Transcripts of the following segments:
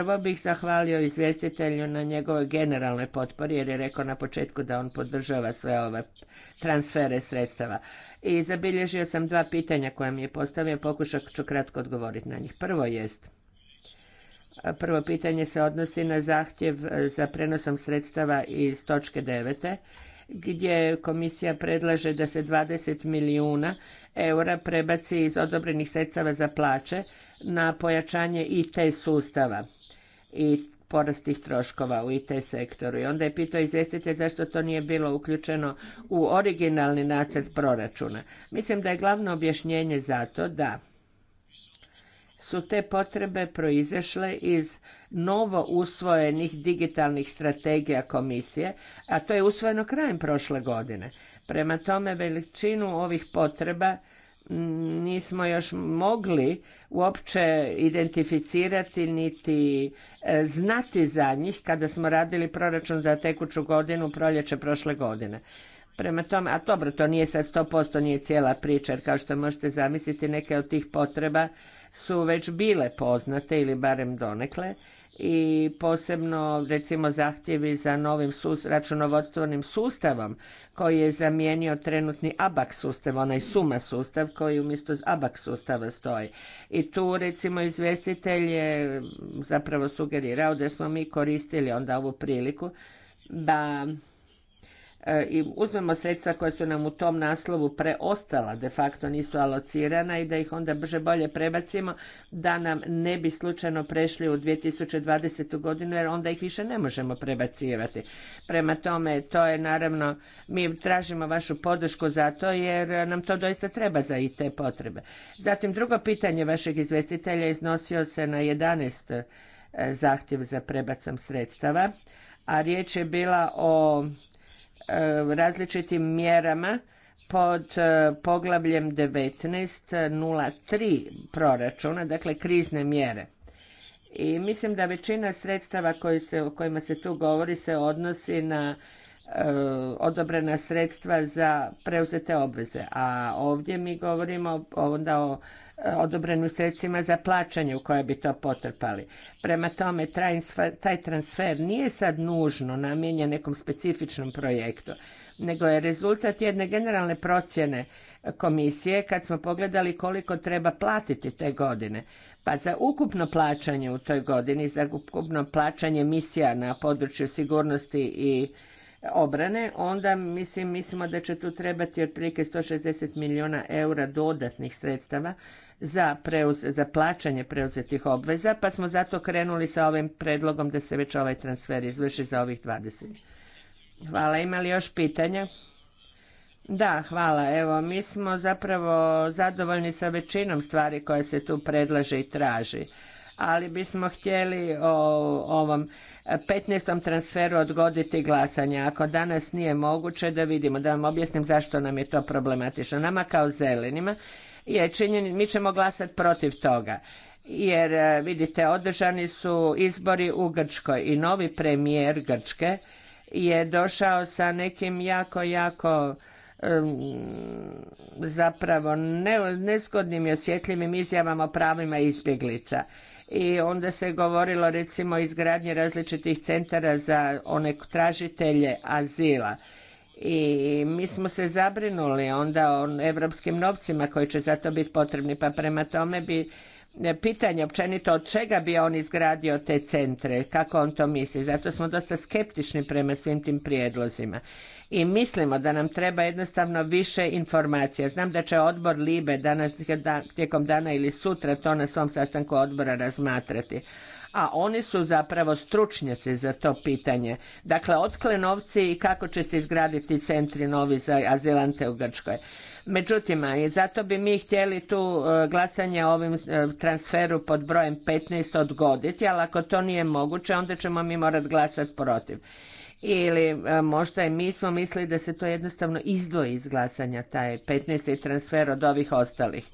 Prvo bih zahvalio izvjestitelju na njegovoj generalnoj potpori jer je rekao na početku da on podržava sve ove transfere sredstava. I zabilježio sam dva pitanja koja mi je postavio, pokušat ću kratko odgovoriti na njih. Prvo jest, prvo pitanje se odnosi na zahtjev za prenosom sredstava iz točke 9 gdje komisija predlaže da se 20 milijuna eura prebaci iz odobrenih sredstava za plaće na pojačanje IT sustava i porast troškova u IT sektoru. I onda je pitao izvjestitelj zašto to nije bilo uključeno u originalni nacrt proračuna. Mislim da je glavno objašnjenje to da su te potrebe proizašle iz novo usvojenih digitalnih strategija komisije, a to je usvojeno krajem prošle godine. Prema tome, veličinu ovih potreba nismo još mogli uopće identificirati niti e, znati za njih kada smo radili proračun za tekuću godinu, proljeće prošle godine. Prema tome, a dobro, to nije sad 100%, nije cijela priča, jer kao što možete zamisliti, neke od tih potreba su već bile poznate ili barem donekle i posebno recimo zahtjevi za novim računovodstvenim sustavom koji je zamijenio trenutni ABAK sustav, onaj SUMA sustav koji umjesto ABAK sustava stoji. I tu recimo izvjestitelj je zapravo sugerirao da smo mi koristili onda ovu priliku da E, i uzmemo sredstva koja su nam u tom naslovu preostala, de facto nisu alocirana i da ih onda brže bolje prebacimo da nam ne bi slučajno prešli u 2020. godinu jer onda ih više ne možemo prebacivati. Prema tome, to je naravno, mi tražimo vašu podršku za to jer nam to doista treba za i te potrebe. Zatim drugo pitanje vašeg izvestitelja iznosio se na 11 e, zahtjev za prebacom sredstava, a riječ je bila o Eh, različitim mjerama pod eh, poglavljem 19.03 proračuna, dakle krizne mjere. I mislim da većina sredstava koji se, o kojima se tu govori se odnosi na E, odobrena sredstva za preuzete obveze, a ovdje mi govorimo onda o e, odobrenim sredstvima za plaćanje u koje bi to potrpali. Prema tome, taj transfer nije sad nužno namijenjen nekom specifičnom projektu, nego je rezultat jedne generalne procjene komisije kad smo pogledali koliko treba platiti te godine. Pa za ukupno plaćanje u toj godini, za ukupno plaćanje misija na području sigurnosti i obrane, onda mislim, mislimo da će tu trebati otprilike 160 milijuna eura dodatnih sredstava za, preuz, za plaćanje preuzetih obveza, pa smo zato krenuli sa ovim predlogom da se već ovaj transfer izvrši za ovih 20. Hvala, ima li još pitanja? Da, hvala. Evo, mi smo zapravo zadovoljni sa većinom stvari koja se tu predlaže i traži ali bismo htjeli o ovom 15. transferu odgoditi glasanje. Ako danas nije moguće, da vidimo, da vam objasnim zašto nam je to problematično. Nama kao zelenima je mi ćemo glasati protiv toga. Jer e, vidite, održani su izbori u Grčkoj i novi premijer Grčke je došao sa nekim jako, jako zapravo nezgodnim i osjetljivim izjavama o pravima izbjeglica i onda se govorilo recimo o izgradnji različitih centara za one tražitelje azila. I mi smo se zabrinuli onda o evropskim novcima koji će za to biti potrebni, pa prema tome bi e, pitanje općenito od čega bi on izgradio te centre, kako on to misli. Zato smo dosta skeptični prema svim tim prijedlozima i mislimo da nam treba jednostavno više informacija. Znam da će odbor Libe danas tijekom dana ili sutra to na svom sastanku odbora razmatrati a oni su zapravo stručnjaci za to pitanje. Dakle, otkle novci i kako će se izgraditi centri novi za azilante u Grčkoj. Međutim, i zato bi mi htjeli tu e, glasanje o ovim e, transferu pod brojem 15 odgoditi, ali ako to nije moguće, onda ćemo mi morati glasati protiv ili e, možda i mi smo mislili da se to jednostavno izdvoji iz glasanja, taj 15. transfer od ovih ostalih.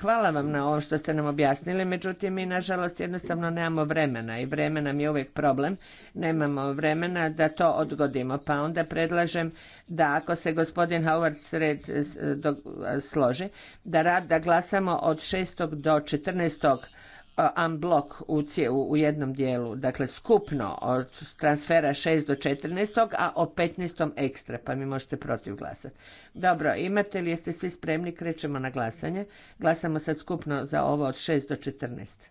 Hvala vam na ovom što ste nam objasnili, međutim mi nažalost jednostavno nemamo vremena i vremena nam je uvijek problem. Nemamo vremena da to odgodimo, pa onda predlažem da ako se gospodin Howard sred e, e, složi, da rad da glasamo od 6. do 14 Uh, unblock u, u jednom dijelu, dakle skupno od transfera 6 do 14, a o 15. ekstra, pa mi možete protiv glasati. Dobro, imate li, jeste svi spremni, krećemo na glasanje. Glasamo sad skupno za ovo od 6 do 14.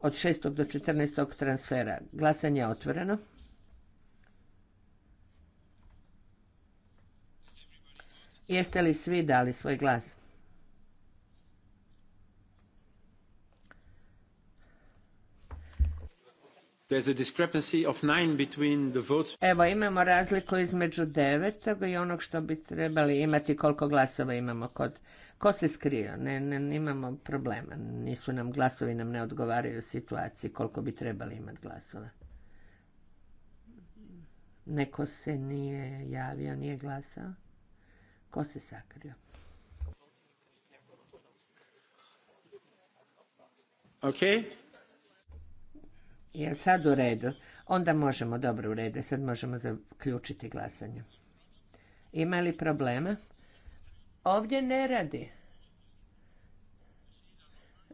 Od 6. do 14. transfera. Glasanje je otvoreno. Jeste li svi dali svoj glas? Evo imamo razliku između devetog i onog što bi trebali imati koliko glasova imamo kod ko se skrio, ne, ne, imamo problema, nisu nam glasovi nam ne odgovaraju situaciji koliko bi trebali imati glasova. Neko se nije javio, nije glasao. Ko se sakrio? Ok... Jel sad u redu? Onda možemo, dobro u redu, sad možemo zaključiti glasanje. Ima li problema? Ovdje ne radi.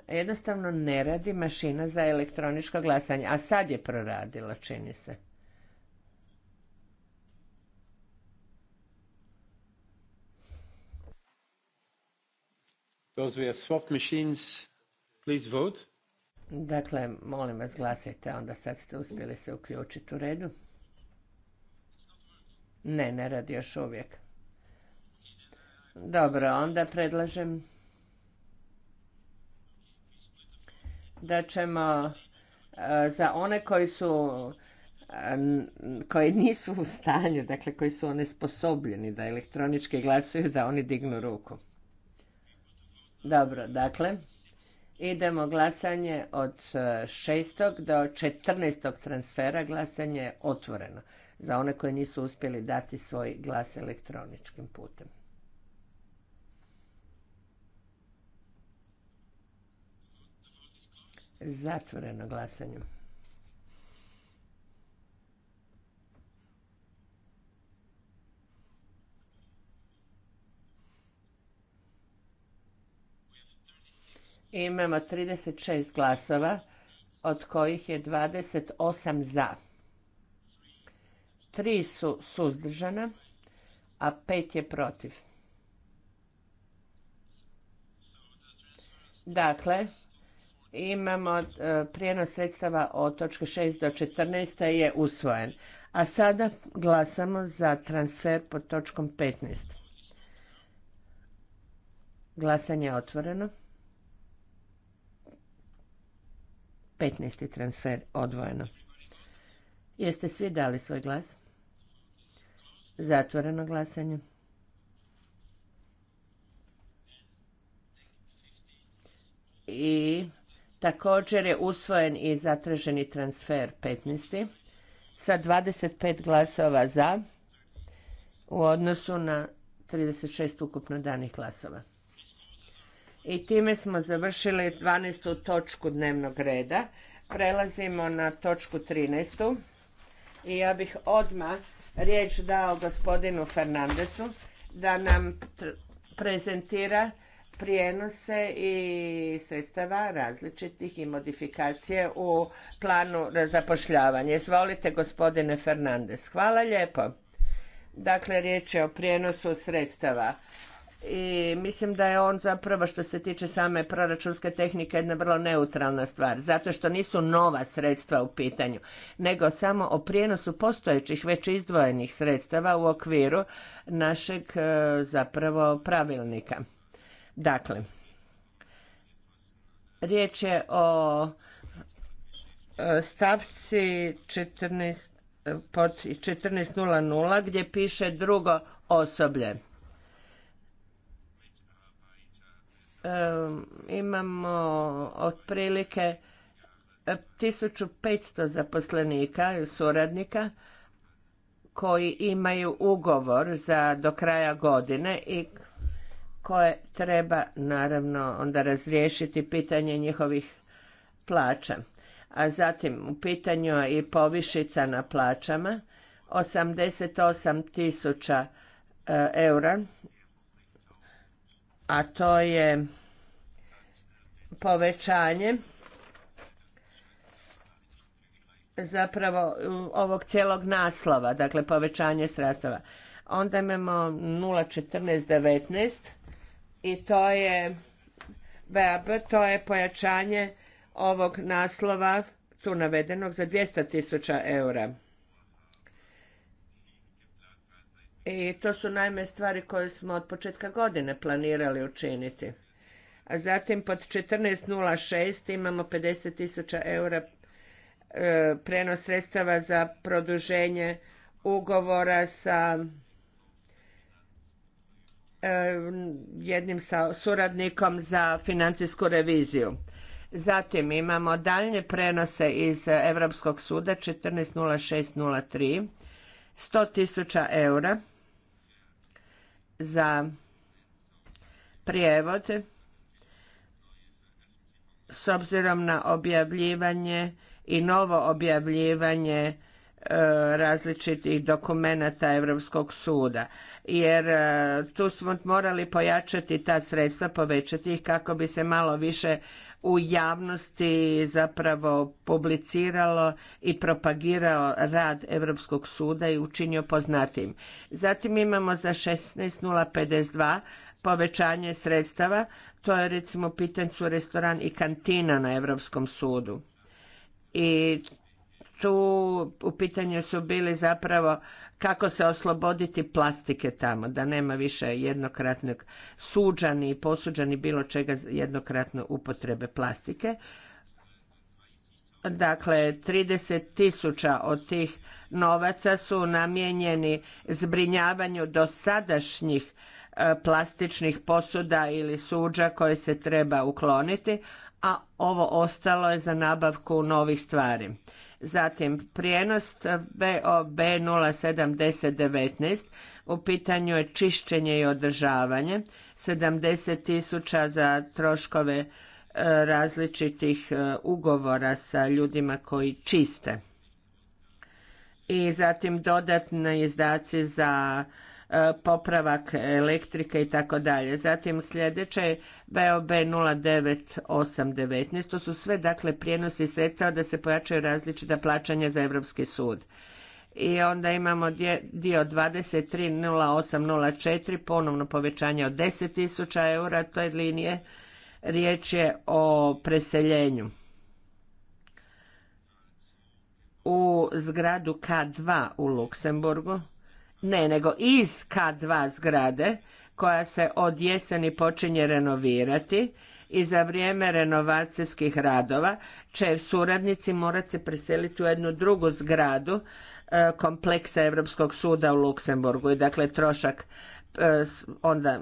Jednostavno ne radi mašina za elektroničko glasanje, a sad je proradila, čini se. Those who have swapped machines, please vote. Dakle, molim vas glasajte, onda sad ste uspjeli se uključiti u redu. Ne, ne radi još uvijek. Dobro, onda predlažem da ćemo e, za one koji su e, koji nisu u stanju, dakle koji su onesposobljeni da elektronički glasuju, da oni dignu ruku. Dobro, dakle, Idemo glasanje od 6. E, do 14. transfera. Glasanje je otvoreno za one koji nisu uspjeli dati svoj glas elektroničkim putem. Zatvoreno glasanje. Imamo 36 glasova, od kojih je 28 za. Tri su suzdržana, a pet je protiv. Dakle, imamo e, prijenos sredstava od točke 6 do 14 je usvojen. A sada glasamo za transfer pod točkom 15. Glasanje je otvoreno. 15. transfer odvojeno. Jeste svi dali svoj glas? Zatvoreno glasanje. I također je usvojen i zatraženi transfer 15. sa 25 glasova za u odnosu na 36 ukupno danih glasova. I time smo završili 12. točku dnevnog reda. Prelazimo na točku 13. I ja bih odma riječ dao gospodinu Fernandesu da nam prezentira prijenose i sredstava različitih i modifikacije u planu zapošljavanja. Izvolite gospodine Fernandez. Hvala lijepo. Dakle, riječ je o prijenosu sredstava i mislim da je on zapravo što se tiče same proračunske tehnike jedna vrlo neutralna stvar, zato što nisu nova sredstva u pitanju, nego samo o prijenosu postojećih već izdvojenih sredstava u okviru našeg e, zapravo pravilnika. Dakle, riječ je o e, stavci 14, pod 14.00 gdje piše drugo osoblje. imamo otprilike 1500 zaposlenika i suradnika koji imaju ugovor za do kraja godine i koje treba naravno onda razriješiti pitanje njihovih plaća. A zatim u pitanju je i povišica na plaćama 88 tisuća eura a to je povećanje zapravo ovog cijelog naslova, dakle povećanje sredstava. Onda imamo 0.14.19 i to je BAB, to je pojačanje ovog naslova tu navedenog za 200.000 tisuća eura. I to su najme stvari koje smo od početka godine planirali učiniti. A zatim pod 14.06 imamo 50.000 eura e, prenos sredstava za produženje ugovora sa e, jednim sa suradnikom za financijsku reviziju. Zatim imamo daljnje prenose iz Europskog suda 14.06.03 100.000 eura za prijevod s obzirom na objavljivanje i novo objavljivanje e, različitih dokumenata Europskog suda. Jer e, tu smo morali pojačati ta sredstva, povećati ih kako bi se malo više u javnosti zapravo publiciralo i propagirao rad Europskog suda i učinio poznatim. Zatim imamo za 16.052 povećanje sredstava, to je recimo pitancu restoran i kantina na Europskom sudu. I tu u pitanju su bili zapravo kako se osloboditi plastike tamo, da nema više jednokratnog suđani i posuđani bilo čega jednokratno upotrebe plastike. Dakle, 30 tisuća od tih novaca su namijenjeni zbrinjavanju dosadašnjih e, plastičnih posuda ili suđa koje se treba ukloniti, a ovo ostalo je za nabavku novih stvari. Zatim prijenost BOB 071019, u pitanju je čišćenje i održavanje, 70 tisuća za troškove e, različitih e, ugovora sa ljudima koji čiste. I zatim dodatni izdaci za E, popravak elektrike i tako dalje. Zatim sljedeće je BOB 09819. To su sve dakle prijenosi sredstava da se pojačaju različita plaćanja za Europski sud. I onda imamo dio 230804, ponovno povećanje od 10.000 eura je linije. Riječ je o preseljenju u zgradu K2 u Luksemburgu ne, nego iz K2 zgrade koja se od jeseni počinje renovirati i za vrijeme renovacijskih radova će suradnici morati se preseliti u jednu drugu zgradu e, kompleksa Europskog suda u Luksemburgu i dakle trošak e, onda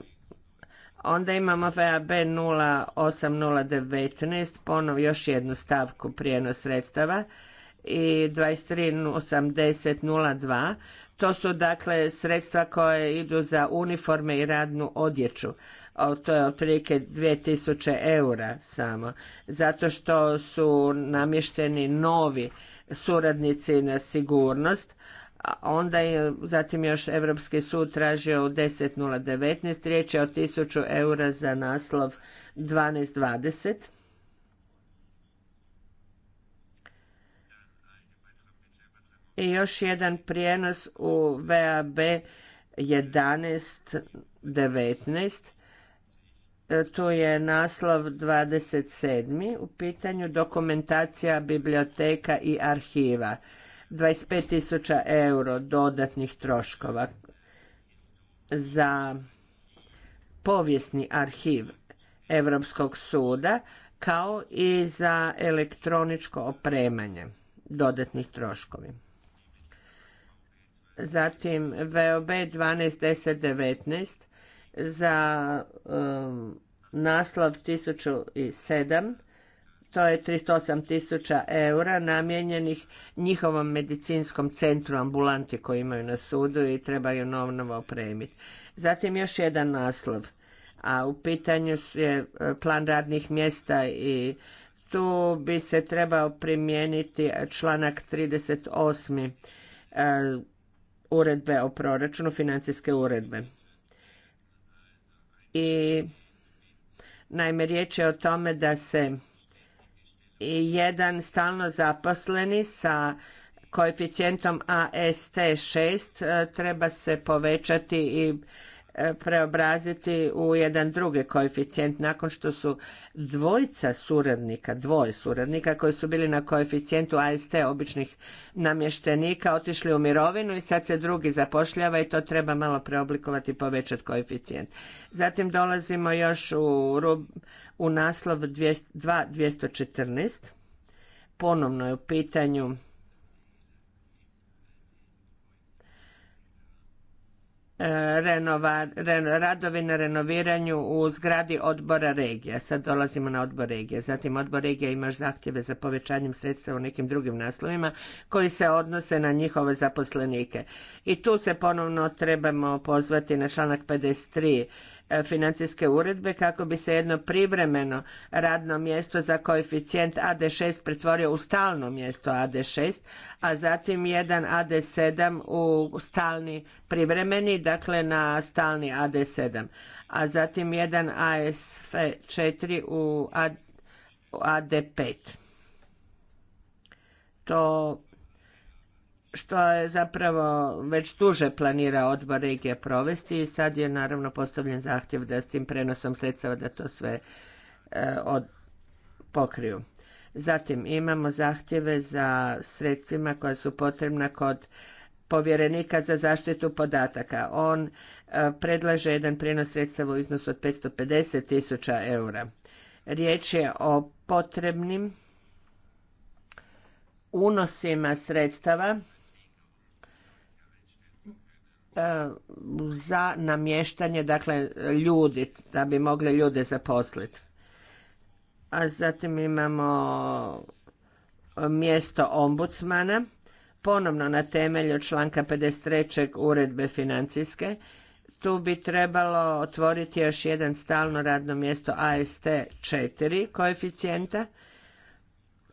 Onda imamo VAB 08.019, ponov još jednu stavku prijenos sredstava i 23.80.02 to su dakle sredstva koje idu za uniforme i radnu odjeću. O, to je otprilike 2000 eura samo. Zato što su namješteni novi suradnici na sigurnost. A onda je zatim još Europski sud tražio u 10.019, riječ je o 1000 eura za naslov 12.20 i još jedan prijenos u VAB 11.19. E, tu je naslov 27. u pitanju dokumentacija biblioteka i arhiva. 25.000 euro dodatnih troškova za povijesni arhiv Europskog suda kao i za elektroničko opremanje dodatnih troškovi zatim VOB 12.10.19 e za um, naslov 1007, to je 308 tisuća eura namijenjenih njihovom medicinskom centru ambulanti koji imaju na sudu i trebaju novno opremiti. Zatim još jedan naslov, a u pitanju je e, plan radnih mjesta i tu bi se trebao primijeniti članak 38 uredbe o proračunu, financijske uredbe. I naime, riječ je o tome da se jedan stalno zaposleni sa koeficijentom AST6 e, treba se povećati i E, preobraziti u jedan drugi koeficijent nakon što su dvojica suradnika, dvoje suradnika koji su bili na koeficijentu AST običnih namještenika otišli u mirovinu i sad se drugi zapošljava i to treba malo preoblikovati i povećati koeficijent. Zatim dolazimo još u, u naslov 214. Ponovno je u pitanju radovi na renoviranju u zgradi odbora regija. Sad dolazimo na odbor regija. Zatim odbor regija ima zahtjeve za povećanjem sredstva u nekim drugim naslovima koji se odnose na njihove zaposlenike. I tu se ponovno trebamo pozvati na članak 53 financijske uredbe kako bi se jedno privremeno radno mjesto za koeficijent AD6 pretvorio u stalno mjesto AD6, a zatim jedan AD7 u stalni privremeni, dakle na stalni AD7, a zatim jedan ASF4 u AD5. To što je zapravo već duže planira odbor regije provesti i sad je naravno postavljen zahtjev da s tim prenosom sredstava da to sve e, od, pokriju. Zatim imamo zahtjeve za sredstvima koja su potrebna kod povjerenika za zaštitu podataka. On e, predlaže jedan prijenos sredstava u iznosu od 550 tisuća eura. Riječ je o potrebnim unosima sredstava E, za namještanje dakle ljudi da bi mogli ljude zaposliti. A zatim imamo mjesto ombudsmana ponovno na temelju članka 53. uredbe financijske. Tu bi trebalo otvoriti još jedan stalno radno mjesto AST 4 koeficijenta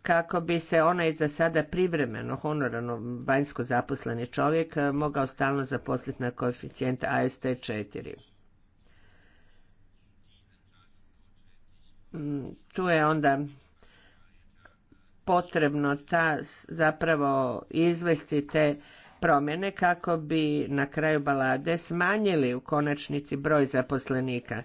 kako bi se onaj za sada privremeno honorano vanjsko zaposleni čovjek eh, mogao stalno zaposliti na koeficijent AST 4. Mm, tu je onda potrebno ta zapravo izvesti te promjene kako bi na kraju balade smanjili u konačnici broj zaposlenika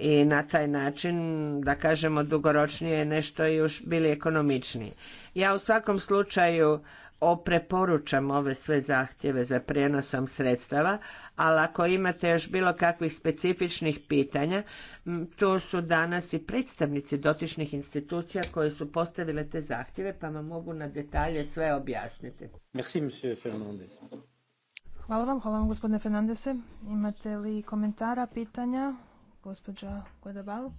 i na taj način, da kažemo, dugoročnije nešto još bili ekonomičniji. Ja u svakom slučaju opreporučam ove sve zahtjeve za prijenosom sredstava, ali ako imate još bilo kakvih specifičnih pitanja, tu su danas i predstavnici dotičnih institucija koji su postavile te zahtjeve, pa vam mogu na detalje sve objasniti. Merci, monsieur Fernandez. Hvala vam, hvala vam gospodine Fernandese. Imate li komentara, pitanja gospođa Godabal.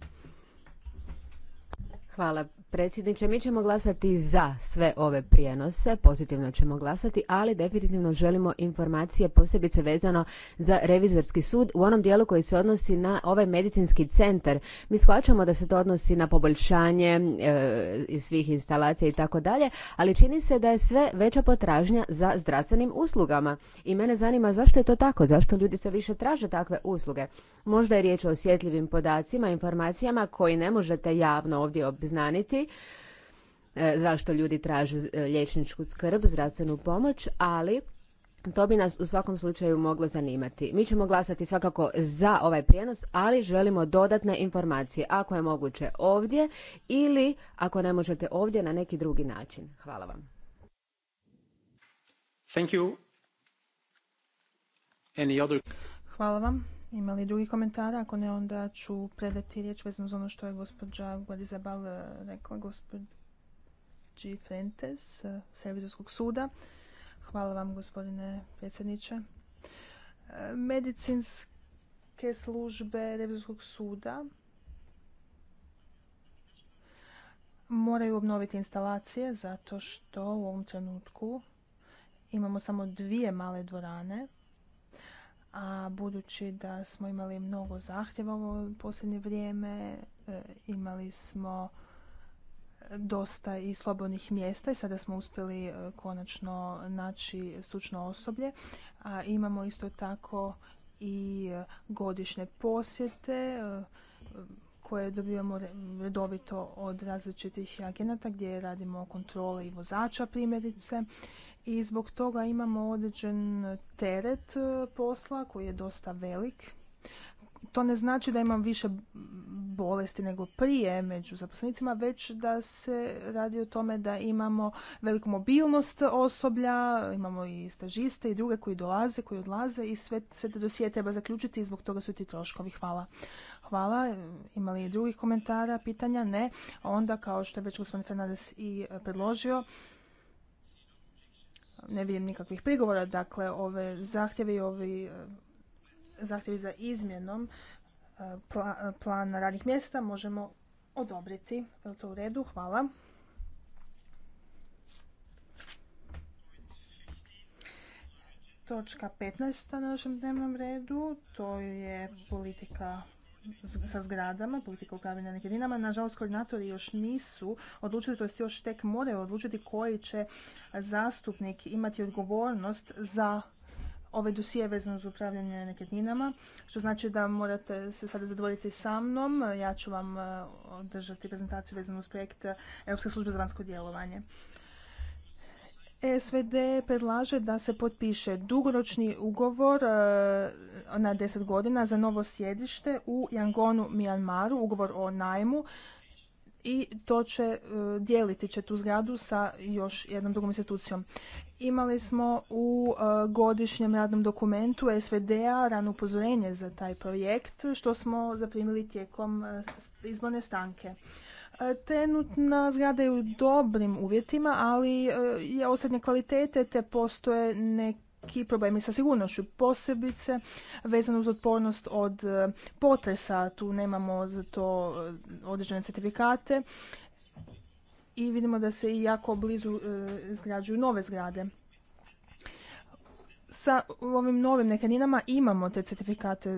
Hvala predsjedniče. Mi ćemo glasati za sve ove prijenose, pozitivno ćemo glasati, ali definitivno želimo informacije posebice vezano za revizorski sud u onom dijelu koji se odnosi na ovaj medicinski centar. Mi shvaćamo da se to odnosi na poboljšanje e, svih instalacija i tako dalje, ali čini se da je sve veća potražnja za zdravstvenim uslugama. I mene zanima zašto je to tako, zašto ljudi sve više traže takve usluge. Možda je riječ o osjetljivim podacima, informacijama koji ne možete javno ovdje obzirati znaniti e, zašto ljudi traže e, liječničku skrb, zdravstvenu pomoć, ali to bi nas u svakom slučaju moglo zanimati. Mi ćemo glasati svakako za ovaj prijenos, ali želimo dodatne informacije, ako je moguće ovdje ili ako ne možete ovdje na neki drugi način. Hvala vam. Thank you. Any other... Hvala vam. Imali drugi komentara? Ako ne, onda ću predati riječ vezano za ono što je gospođa Guarizabal eh, rekla, gospođi Frentes, eh, Servizorskog suda. Hvala vam, gospodine predsjedniče. Eh, medicinske službe Revizorskog suda moraju obnoviti instalacije zato što u ovom trenutku imamo samo dvije male dvorane – a budući da smo imali mnogo zahtjeva u posljednje vrijeme, e, imali smo dosta i slobodnih mjesta i sada smo uspjeli e, konačno naći stručno osoblje. A imamo isto tako i e, godišnje posjete koje dobivamo redovito od različitih agenata gdje radimo kontrole i vozača primjerice i zbog toga imamo određen teret e, posla koji je dosta velik. To ne znači da imam više bolesti nego prije među zaposlenicima, već da se radi o tome da imamo veliku mobilnost osoblja, imamo i stažiste i druge koji dolaze, koji odlaze i sve, sve te dosije treba zaključiti i zbog toga su ti troškovi. Hvala. Hvala. E, ima li drugih komentara, pitanja? Ne. Onda, kao što je već gospodin Fernandez i e, predložio, ne vidim nikakvih prigovora, dakle ove zahtjevi ovi e, zahtjevi za izmjenom e, e, plana radnih mjesta možemo odobriti. Je li to u redu? Hvala. Točka 15. na našem dnevnom redu, to je politika sa zgradama, politika upravljanja nekretninama. Nažalost, koordinatori još nisu odlučili, to još tek moraju odlučiti koji će zastupnik imati odgovornost za ove ovaj dosije vezano uz upravljanje nekretninama, što znači da morate se sada zadovoljiti sa mnom. Ja ću vam eh, održati prezentaciju vezanu uz projekt Europske službe za vanjsko djelovanje. SVD predlaže da se potpiše dugoročni ugovor e, na 10 godina za novo sjedište u Yangonu, Mijanmaru, ugovor o najmu i to će e, dijeliti će tu zgradu sa još jednom drugom institucijom. Imali smo u e, godišnjem radnom dokumentu SVD-a rano upozorenje za taj projekt što smo zaprimili tijekom izborne stanke. E, trenutna zgrada je u dobrim uvjetima, ali e, je osrednje kvalitete te postoje neki problemi sa sigurnošću, posebice vezano uz otpornost od e, potresa. Tu nemamo za to određene certifikate i vidimo da se i jako blizu zgrađuju nove zgrade sa ovim novim nekretninama imamo te certifikate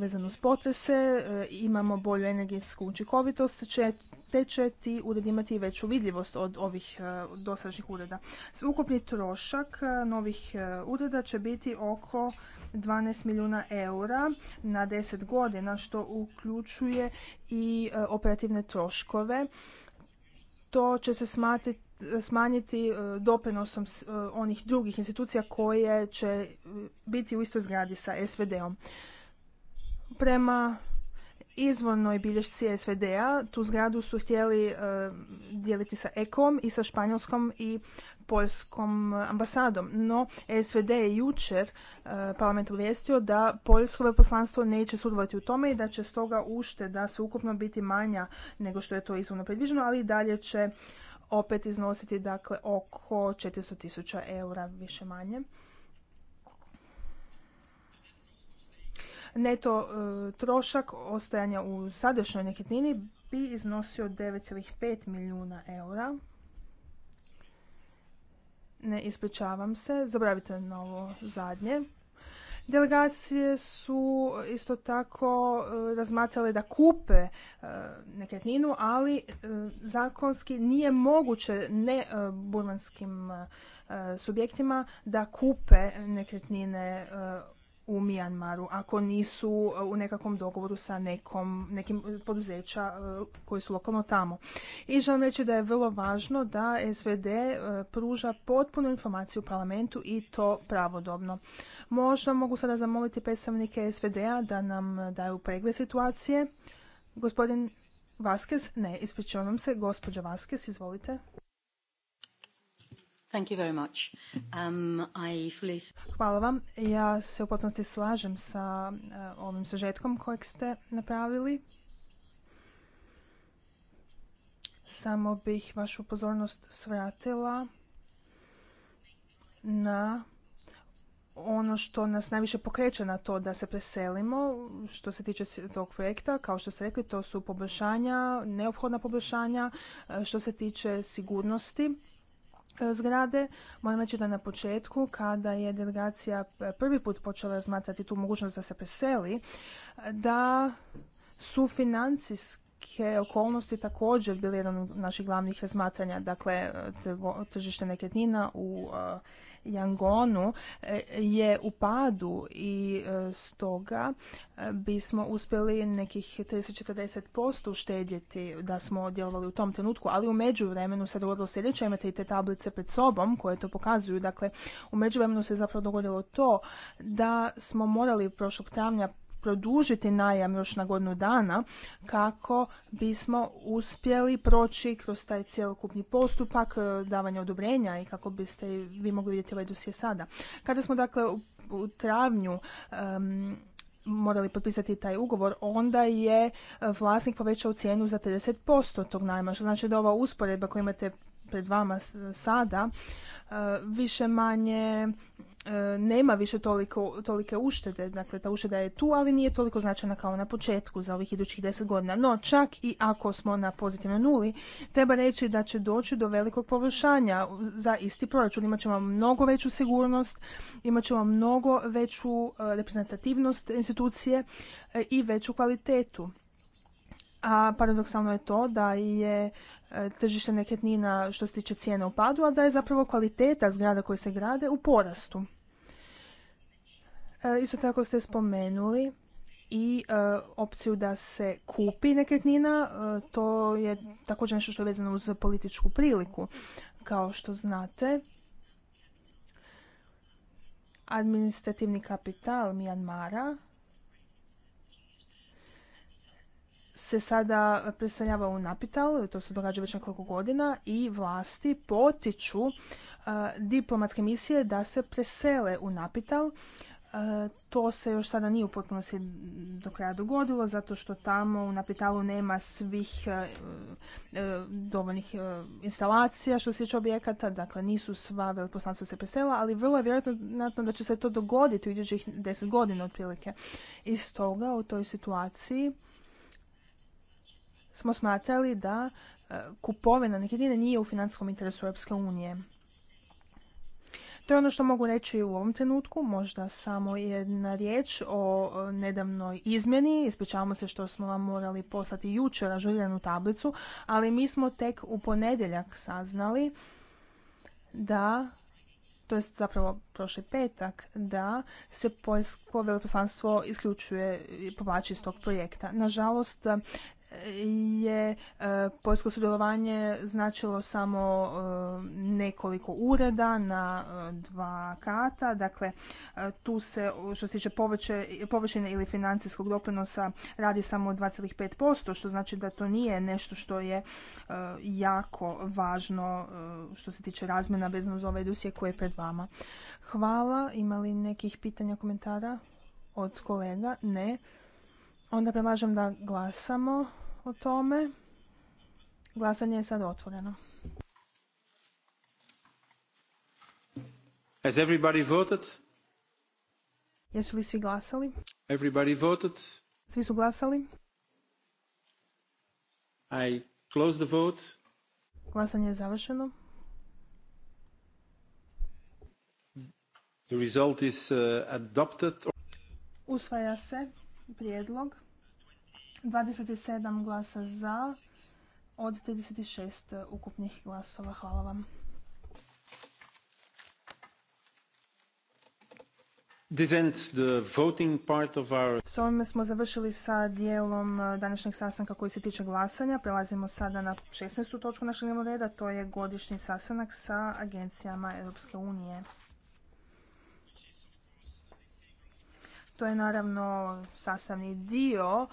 vezano uz potrese, e, imamo bolju energetsku učinkovitost, te će ti ured imati veću vidljivost od ovih e, dosadašnjih ureda. Ukupni trošak e, novih ureda će biti oko 12 milijuna eura na 10 godina, što uključuje i operativne troškove. To će se smatrati smanjiti e, doprinosom e, onih drugih institucija koje će e, biti u istoj zgradi sa SVD-om. Prema izvornoj bilješci SVD-a tu zgradu su htjeli dijeliti sa Ekom i sa Španjolskom i Poljskom ambasadom. No, SVD je jučer parlament uvijestio da Poljsko veposlanstvo neće sudovati u tome i da će stoga ušteda sveukupno biti manja nego što je to izvorno predviđeno, ali i dalje će opet iznositi dakle oko 400 tisuća eura više manje. Neto e, trošak ostajanja u sadašnjoj nekretnini bi iznosio 9,5 milijuna eura. Ne ispričavam se, zaboravite na ovo zadnje. Delegacije su e, isto tako e, razmatrale da kupe e, nekretninu, ali zakonski nije moguće ne burmanskim subjektima da kupe nekretnine u Mijanmaru, ako nisu e, u nekakvom dogovoru sa nekom, nekim poduzeća e, koji su lokalno tamo. I želim reći da je vrlo važno da SVD e, pruža potpunu informaciju u parlamentu i to pravodobno. Možda mogu sada zamoliti predstavnike SVD-a da nam daju pregled situacije. Gospodin Vaskes, ne, ispričavam se, gospođa Vaskes, izvolite. Um, Hvala vam. Ja se u potpunosti slažem sa eh, ovim sažetkom kojeg ste napravili. Samo bih vašu pozornost svratila na ono što nas najviše pokreće na to da se preselimo što se tiče tog projekta, kao što ste rekli, to su poboljšanja, neophodna poboljšanja eh, što se tiče sigurnosti E, zgrade. Moram reći da na početku, kada je delegacija e, prvi put počela razmatrati tu mogućnost da se preseli, e, da su financijski okolnosti također bili jedan od naših glavnih razmatranja, dakle tržište nekretnina u Jangonu e, e, je u padu i e, stoga bismo uspjeli nekih 30-40% uštedjeti da smo djelovali u tom trenutku, ali u međuvremenu se dogodilo sljedeće, imate i te tablice pred sobom koje to pokazuju, dakle u međuvremenu se zapravo dogodilo to da smo morali prošlog travnja produžiti najam još na godinu dana kako bismo uspjeli proći kroz taj cjelokupni postupak e, davanja odobrenja i kako biste vi mogli vidjeti ovaj dosje sada. Kada smo dakle u travnju morali potpisati taj ugovor, onda je e, vlasnik povećao cijenu za 30% tog najma. Što znači da ova usporedba koju imate pred vama sada e, više manje E, nema više toliko, tolike uštede, dakle ta ušteda je tu, ali nije toliko značajna kao na početku za ovih idućih deset godina. No čak i ako smo na pozitivnoj nuli, treba reći da će doći do velikog poboljšanja za isti proračun. Imat ćemo mnogo veću sigurnost, imat ćemo mnogo veću e, reprezentativnost institucije e, i veću kvalitetu. A paradoksalno je to da je E, tržište nekretnina što se tiče cijena u padu, a da je zapravo kvaliteta zgrada koje se grade u porastu. E, isto tako ste spomenuli i e, opciju da se kupi nekretnina, to je također nešto što je vezano uz političku priliku. Kao što znate, administrativni kapital Mijanmara se sada preseljava u napital, to se događa već nekoliko godina, i vlasti potiču e, diplomatske misije da se presele u napital. E, to se još sada nije u potpunosti do kraja dogodilo, zato što tamo u napitalu nema svih e, dovoljnih instalacija što se tiče objekata, dakle nisu sva veleposlanstva se presela, ali vrlo je vjerojatno da će se to dogoditi u idućih deset godina otprilike. I stoga u toj situaciji smo smatrali da e, kupovina nekretnine nije u financijskom interesu Europske unije. To je ono što mogu reći u ovom trenutku, možda samo jedna riječ o e, nedavnoj izmjeni. Ispričavamo se što smo vam morali poslati jučer ažuriranu tablicu, ali mi smo tek u ponedjeljak saznali da to je zapravo prošli petak, da se Poljsko veleposlanstvo isključuje i povlači iz tog projekta. Nažalost, je e, poljsko sudjelovanje značilo samo e, nekoliko ureda na e, dva kata. Dakle, tu se što se tiče površine ili financijskog doprinosa radi samo 2,5%, što znači da to nije nešto što je jako važno što se tiče razmjena vezano uz ovaj dosje koje je pred vama. Hvala. Imali nekih pitanja, komentara od kolega? Ne. Onda predlažem da glasamo o tome. Glasanje je sad otvoreno. Has everybody voted? Jesu li svi glasali? Everybody voted. Svi su glasali. I close the vote. Glasanje je završeno. The result is uh, adopted. Usvaja se prijedlog. 27 glasa za od 36 ukupnih glasova. Hvala vam. This S ovime smo završili sa dijelom eh, današnjeg sastanka koji se tiče glasanja. Prelazimo sada na 16. točku našeg dnevnog reda, to je godišnji sastanak sa agencijama Europske unije. To je naravno sastavni dio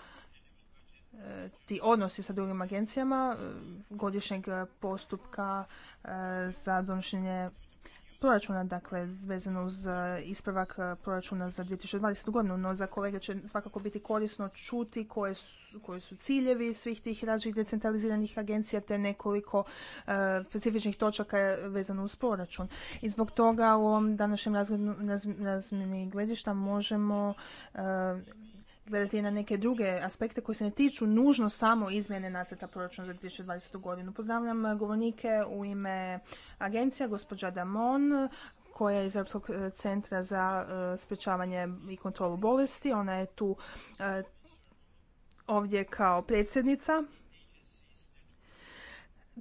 e, ti odnosi sa drugim agencijama, e, godišnjeg postupka e, za donošenje proračuna, dakle, vezano uz e, ispravak e, proračuna za 2020. godinu, no za kolege će svakako biti korisno čuti koje su, su ciljevi svih tih različitih decentraliziranih agencija te nekoliko e, specifičnih točaka vezano uz proračun. I zbog toga u ovom današnjem razmjeni gledišta možemo gledati na neke druge aspekte koji se ne tiču nužno samo izmjene nacrta proračuna za 2020. godinu. Pozdravljam govornike u ime agencija, gospođa Damon, koja je iz Europskog e, centra za e, sprečavanje i kontrolu bolesti. Ona je tu e, ovdje kao predsjednica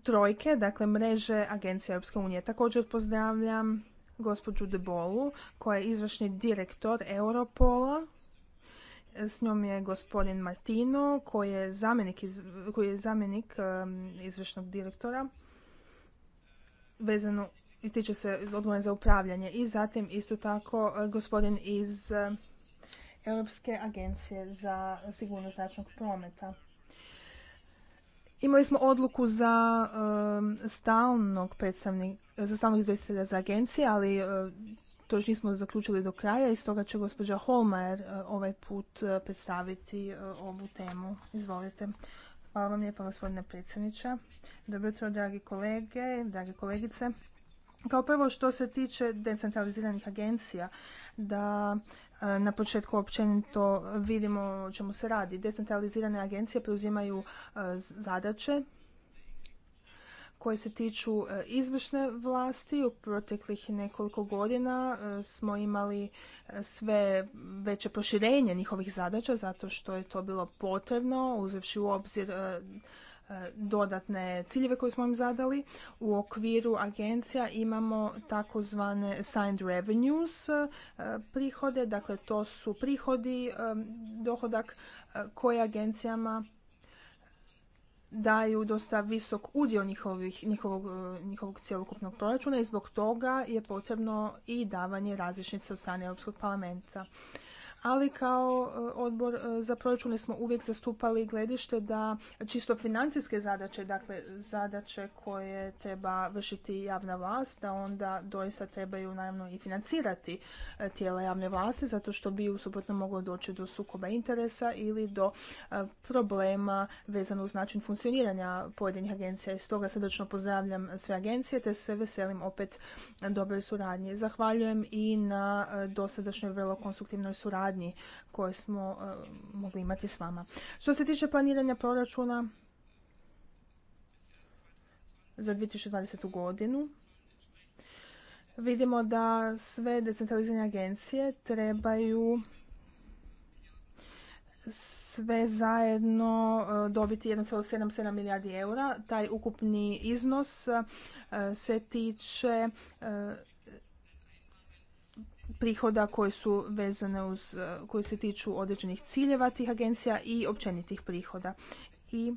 trojke, dakle mreže Agencije Europske unije. Također pozdravljam gospođu Debolu, koja je izvršni direktor Europola s njom je gospodin Martino koji je zamjenik, koji je zamjenik izvršnog direktora vezano i tiče se odgovorne za upravljanje. I zatim isto tako e, gospodin iz e, Europske agencije za sigurnost zračnog prometa. Imali smo odluku za stalnog za stalnog izvjestitelja za agencije, ali e, još nismo zaključili do kraja i stoga će gospođa Holmajer e, ovaj put e, predstaviti e, ovu temu. Izvolite. Hvala vam lijepa gospodine predsjedniče. Dobro jutro dragi kolege, drage kolegice. Kao prvo što se tiče decentraliziranih agencija, da na početku općenito vidimo o čemu se radi. Decentralizirane agencije preuzimaju zadaće koje se tiču e, izvršne vlasti. U proteklih nekoliko godina e, smo imali e, sve veće proširenje njihovih zadaća zato što je to bilo potrebno uzevši u obzir dodatne ciljeve koje smo im zadali. U okviru agencija imamo takozvane signed revenues prihode, dakle to su prihodi, dohodak koje agencijama daju dosta visok udio njihovih, njihovog, e, njihovog cjelokupnog proračuna i zbog toga je potrebno i davanje različnice od strane Europskog parlamenta ali kao e, odbor e, za proračune smo uvijek zastupali gledište da čisto financijske zadaće, dakle zadaće koje treba vršiti javna vlast, da onda doista trebaju naravno i financirati e, tijela javne vlasti, zato što bi u suprotno moglo doći do sukoba interesa ili do problema vezano uz način funkcioniranja pojedinih agencija. I stoga srdečno pozdravljam sve agencije te se veselim opet dobroj suradnji. Zahvaljujem i na dosadašnjoj vrlo konstruktivnoj suradnji koje smo e, mogli imati s vama. Što se tiče planiranja proračuna za 2020. godinu, vidimo da sve decentralizirane agencije trebaju sve zajedno e, dobiti 1,77 milijardi eura. Taj ukupni iznos e, se tiče prihoda koje su vezane uz, e, koji se tiču određenih ciljeva tih agencija i općenitih prihoda. I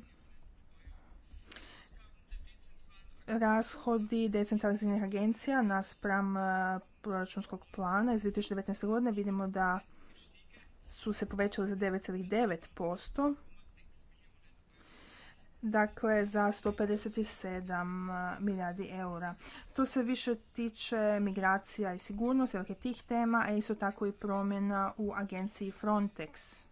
rashodi decentraliziranih agencija naspram e, proračunskog plana iz 2019. godine vidimo da su se povećali za 9,9%, dakle za 157 eh, milijardi eura. To se više tiče migracija i sigurnosti, dakle tih tema, a isto tako i promjena u agenciji Frontex.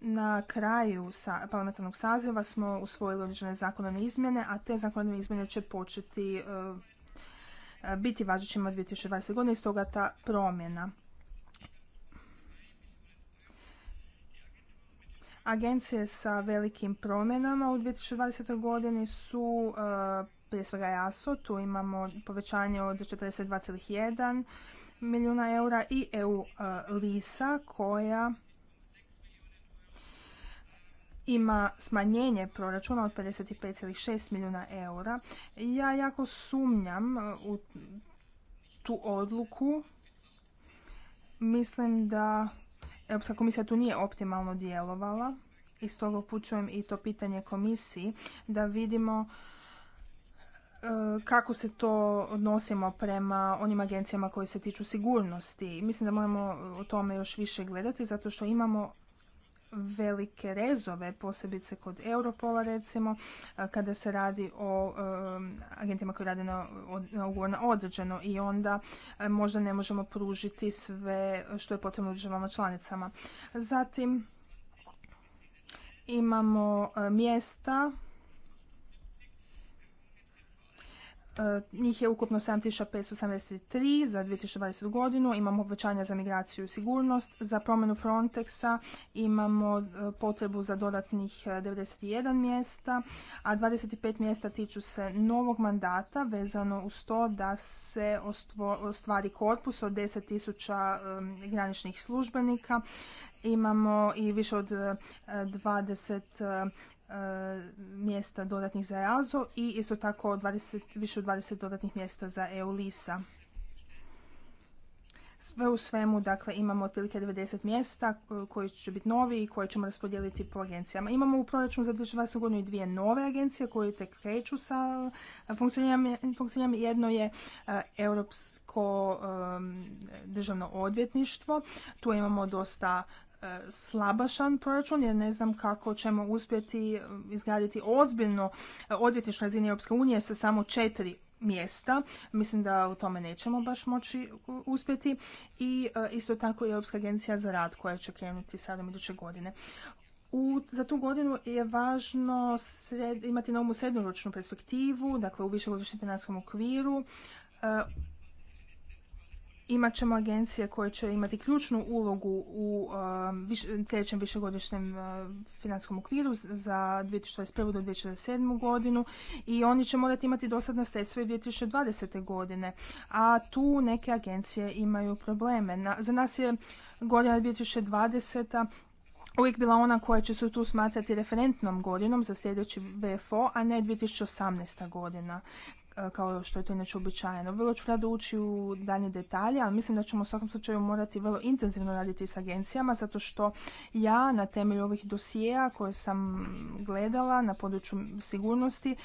Na kraju parlamentarnog saziva smo usvojili određene zakonodavne izmjene, a te zakonodavne izmjene će početi eh, biti važećima 2020. godine i stoga ta promjena. Agencije sa velikim promjenama u 2020. godini su e, prije svega JASO, tu imamo povećanje od 42,1 milijuna eura i EU e, LISA koja ima smanjenje proračuna od 55,6 milijuna eura. Ja jako sumnjam e, u tu odluku. Mislim da Europska komisija tu nije optimalno djelovala i stoga upućujem i to pitanje komisiji da vidimo e, kako se to odnosimo prema onim agencijama koje se tiču sigurnosti. Mislim da moramo o tome još više gledati zato što imamo velike rezove, posebice kod Europola recimo, kada se radi o e, agentima koji rade na ugovor na određeno i onda e, možda ne možemo pružiti sve što je potrebno državama članicama. Zatim imamo e, mjesta E, njih je ukupno 7583 za 2020. godinu. Imamo obvećanja za migraciju i sigurnost. Za promjenu Frontexa imamo e, potrebu za dodatnih 91 e, mjesta, a 25 mjesta tiču se novog mandata vezano uz to da se ostvari korpus od 10.000 graničnih službenika. Imamo i više od 20 E, mjesta dodatnih za EASO i isto tako više od 20 dodatnih mjesta za EULISA. Sve u svemu, dakle, imamo otprilike 90 mjesta e, koji će biti novi i koje ćemo raspodijeliti po agencijama. Imamo u proračunu za 2020. godinu i dvije nove agencije koje tek kreću sa e, funkcioniranjem. Jedno je Europsko državno odvjetništvo. Tu imamo dosta E, slabašan proračun jer ne znam kako ćemo uspjeti e, izgraditi ozbiljno e, odvjetništvo razine Europske unije sa samo četiri mjesta. Mislim da u tome nećemo baš moći uspjeti. I isto tako i Europska agencija za rad koja će krenuti sada iduće godine. U, za tu godinu je važno imati na umu srednjoročnu perspektivu, dakle u višegodišnjem financijskom okviru, imat ćemo agencije koje će imati ključnu ulogu u um, sljedećem višegodišnjem uh, financijskom okviru za 2021. do 2027. godinu i oni će morati imati dosadna sredstva i 2020. godine, a tu neke agencije imaju probleme. za nas je godina 2020 uvijek bila ona koja će se tu smatrati referentnom godinom za sljedeći BFO, a ne 2018. godina kao što je to inače uobičajeno. Vrlo ću rado ući u dalje detalje, ali mislim da ćemo u svakom slučaju morati vrlo intenzivno raditi s agencijama, zato što ja na temelju ovih dosijeja koje sam gledala na području sigurnosti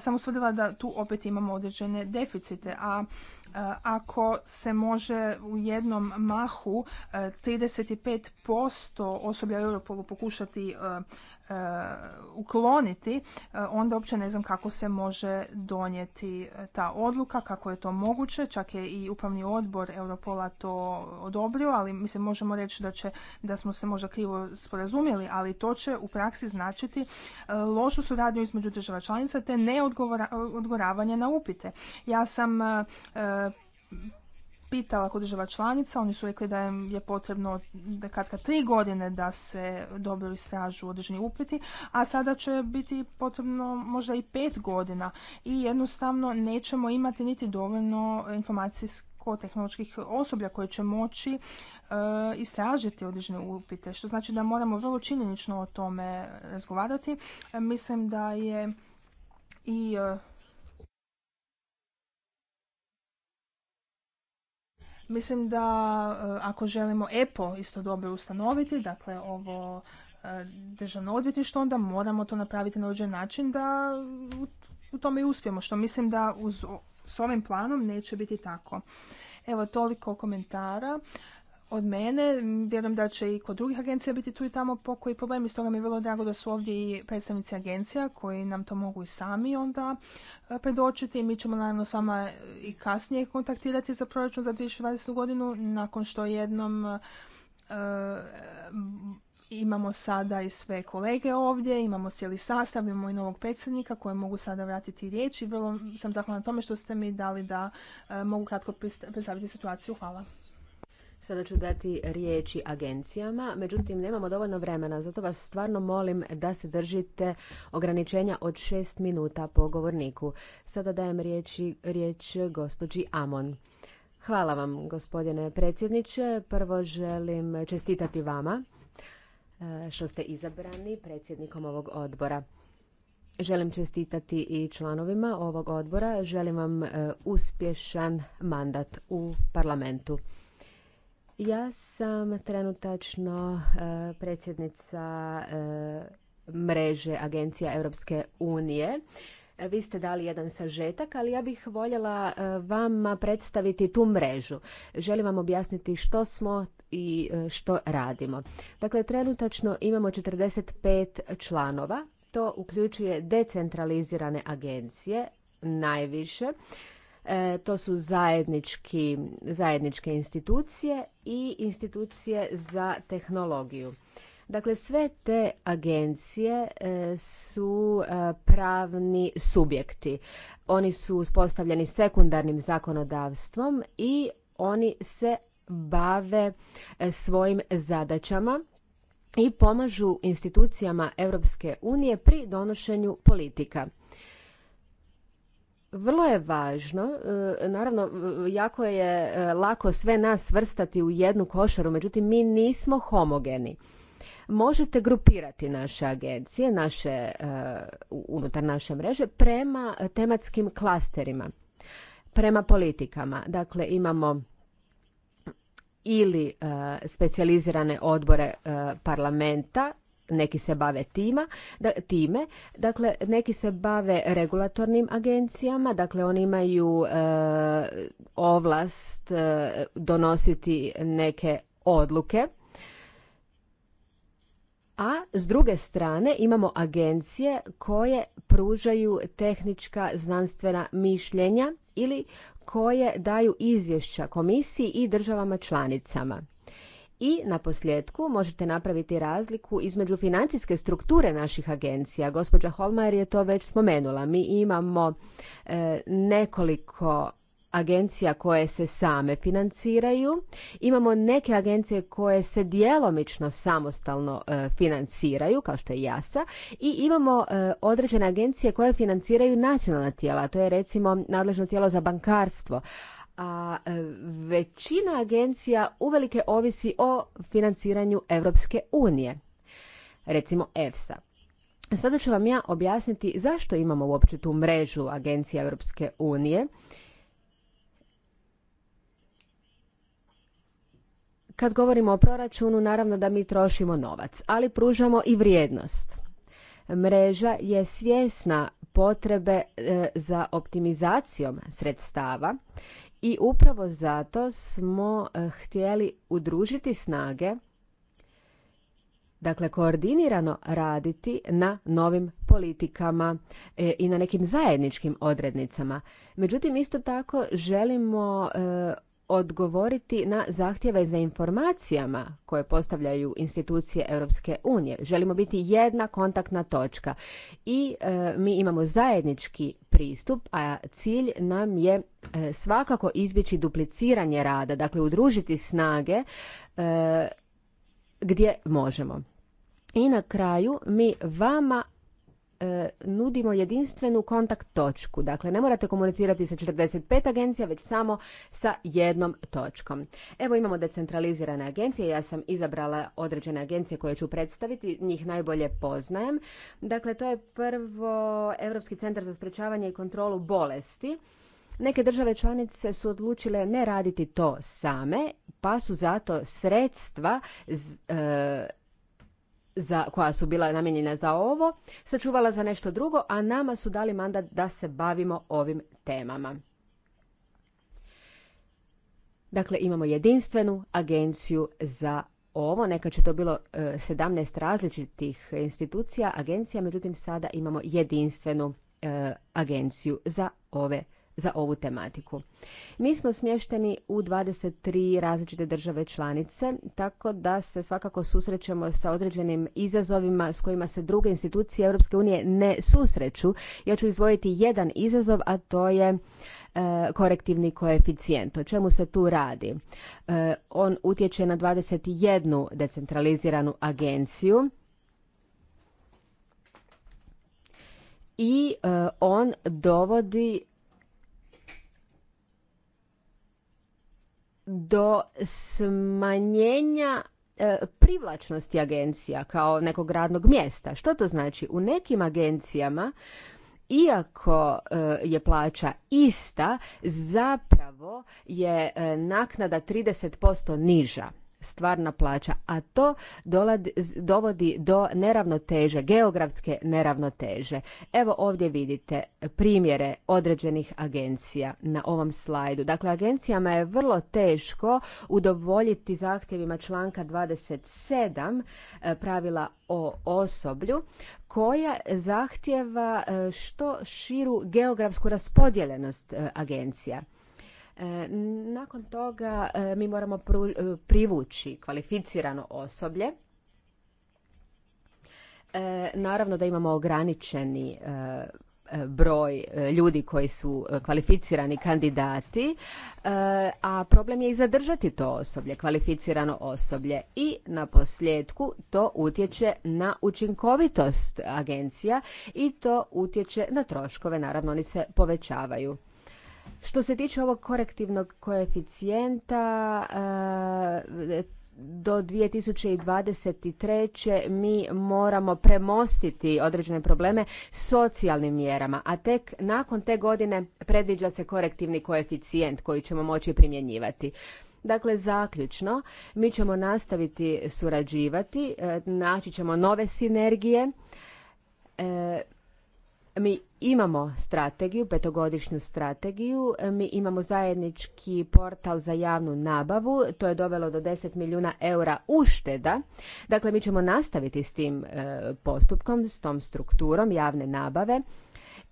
sam usvrdila da tu opet imamo određene deficite, a ako se može u jednom mahu 35% osoblja Europolu pokušati Eh, ukloniti, eh, onda uopće ne znam kako se može donijeti eh, ta odluka, kako je to moguće. Čak je i upravni odbor Europola to odobrio, ali mi se možemo reći da, će, da smo se možda krivo sporazumjeli, ali to će u praksi značiti lošu suradnju između država članica te neodgoravanje na upite. Ja sam pitala kod država članica, oni su rekli da je potrebno da katka tri godine da se dobro istražu određeni upiti, a sada će biti potrebno možda i pet godina i jednostavno nećemo imati niti dovoljno informacijsko-tehnoloških osoblja koje će moći e, istražiti određene upite, što znači da moramo vrlo činjenično o tome razgovarati. E, mislim da je i e, Mislim da eh, ako želimo EPO isto dobro ustanoviti, dakle ovo eh, državno odvjetništvo, onda moramo to napraviti na određen način da u tome i uspijemo, što mislim da s ovim planom neće biti tako. Evo toliko komentara od mene. Vjerujem da će i kod drugih agencija biti tu i tamo pokoji problem i stoga mi je vrlo drago da su ovdje i predstavnici agencija koji nam to mogu i sami onda e, predočiti. Mi ćemo naravno s vama i kasnije kontaktirati za proračun za 2020. godinu nakon što jednom e, imamo sada i sve kolege ovdje, imamo cijeli sastav, imamo i novog predsjednika koje mogu sada vratiti riječ i vrlo sam zahvalna tome što ste mi dali da e, mogu kratko predstaviti situaciju. Hvala. Sada ću dati riječi agencijama, međutim nemamo dovoljno vremena, zato vas stvarno molim da se držite ograničenja od šest minuta po govorniku. Sada dajem riječi, riječ gospođi Amon. Hvala vam, gospodine predsjedniče. Prvo želim čestitati vama e, što ste izabrani predsjednikom ovog odbora. Želim čestitati i članovima ovog odbora. Želim vam e, uspješan mandat u parlamentu. Ja sam trenutačno e, predsjednica e, mreže Agencija Europske unije. Vi ste dali jedan sažetak, ali ja bih voljela e, vama predstaviti tu mrežu. Želim vam objasniti što smo i što radimo. Dakle, trenutačno imamo 45 članova. To uključuje decentralizirane agencije, najviše. E, to su zajednički, zajedničke institucije i institucije za tehnologiju. Dakle, sve te agencije e, su e, pravni subjekti. Oni su uspostavljeni sekundarnim zakonodavstvom i oni se bave svojim zadaćama i pomažu institucijama Europske unije pri donošenju politika vrlo je važno, e, naravno e, jako je e, lako sve nas svrstati u jednu košaru, međutim mi nismo homogeni. Možete grupirati naše agencije, naše, unutar naše mreže, prema tematskim klasterima, prema politikama. Dakle, imamo ili specijalizirane odbore parlamenta neki se bave tima, da, time, dakle neki se bave regulatornim agencijama, dakle oni imaju eh, ovlast eh, donositi neke odluke. A s druge strane imamo agencije koje pružaju tehnička znanstvena mišljenja ili koje daju izvješća komisiji i državama članicama. I na posljedku možete napraviti razliku između financijske strukture naših agencija. Gospođa Holmajer je to već spomenula. Mi imamo e, nekoliko agencija koje se same financiraju. Imamo neke agencije koje se djelomično samostalno e, financiraju, kao što je JASA, i imamo e, određene agencije koje financiraju nacionalna tijela, to je recimo nadležno tijelo za bankarstvo a e, većina agencija uvelike ovisi o financiranju Europske unije, recimo EFSA. Sada ću vam ja objasniti zašto imamo uopće tu mrežu agencija Europske unije. Kad govorimo o proračunu, naravno da mi trošimo novac, ali pružamo i vrijednost. Mreža je svjesna potrebe e, za optimizacijom sredstava i upravo zato smo e, htjeli udružiti snage dakle koordinirano raditi na novim politikama e, i na nekim zajedničkim odrednicama. Međutim, isto tako želimo e, odgovoriti na zahtjeve za informacijama koje postavljaju institucije Europske unije. Želimo biti jedna kontaktna točka i e, mi imamo zajednički pristup, a cilj nam je e, svakako izbjeći dupliciranje rada, dakle udružiti snage e, gdje možemo. I na kraju mi vama E, nudimo jedinstvenu kontakt točku. Dakle, ne morate komunicirati sa 45 agencija, već samo sa jednom točkom. Evo imamo decentralizirane agencije. Ja sam izabrala određene agencije koje ću predstaviti. Njih najbolje poznajem. Dakle, to je prvo Europski centar za sprečavanje i kontrolu bolesti. Neke države članice su odlučile ne raditi to same, pa su zato sredstva e, za, koja su bila namijenjena za ovo, sačuvala za nešto drugo, a nama su dali mandat da se bavimo ovim temama. Dakle, imamo jedinstvenu agenciju za ovo. Nekad će to bilo 17 e, različitih institucija, agencija, međutim sada imamo jedinstvenu e, agenciju za ove za ovu tematiku. Mi smo smješteni u 23 različite države članice, tako da se svakako susrećemo sa određenim izazovima s kojima se druge institucije Europske unije ne susreću. Ja ću izvojiti jedan izazov, a to je e, korektivni koeficijent. O čemu se tu radi? E, on utječe na 21 decentraliziranu agenciju i e, on dovodi do smanjenja e, privlačnosti agencija kao nekog radnog mjesta. Što to znači? U nekim agencijama iako e, je plaća ista, zapravo je e, naknada 30% niža stvarna plaća, a to dovodi do neravnoteže, geografske neravnoteže. Evo ovdje vidite primjere određenih agencija na ovom slajdu. Dakle, agencijama je vrlo teško udovoljiti zahtjevima članka 27 e, pravila o osoblju koja zahtjeva e, što širu geografsku raspodjelenost e, agencija. E, nakon toga e, mi moramo e, privući kvalificirano osoblje. Naravno da imamo ograničeni broj ljudi koji su kvalificirani kandidati, a problem je i zadržati to osoblje, kvalificirano osoblje. I na posljedku to utječe na učinkovitost agencija i to utječe na troškove, naravno oni se povećavaju. Što se tiče ovog korektivnog koeficijenta, eh, do 2023. mi moramo premostiti određene probleme socijalnim mjerama, a tek nakon te godine predviđa se korektivni koeficijent koji ćemo moći primjenjivati. Dakle, zaključno, mi ćemo nastaviti surađivati, eh, naći ćemo nove sinergije, eh, mi imamo strategiju, petogodišnju strategiju, mi imamo zajednički portal za javnu nabavu, to je dovelo do 10 milijuna eura ušteda. Dakle, mi ćemo nastaviti s tim e, postupkom, s tom strukturom javne nabave.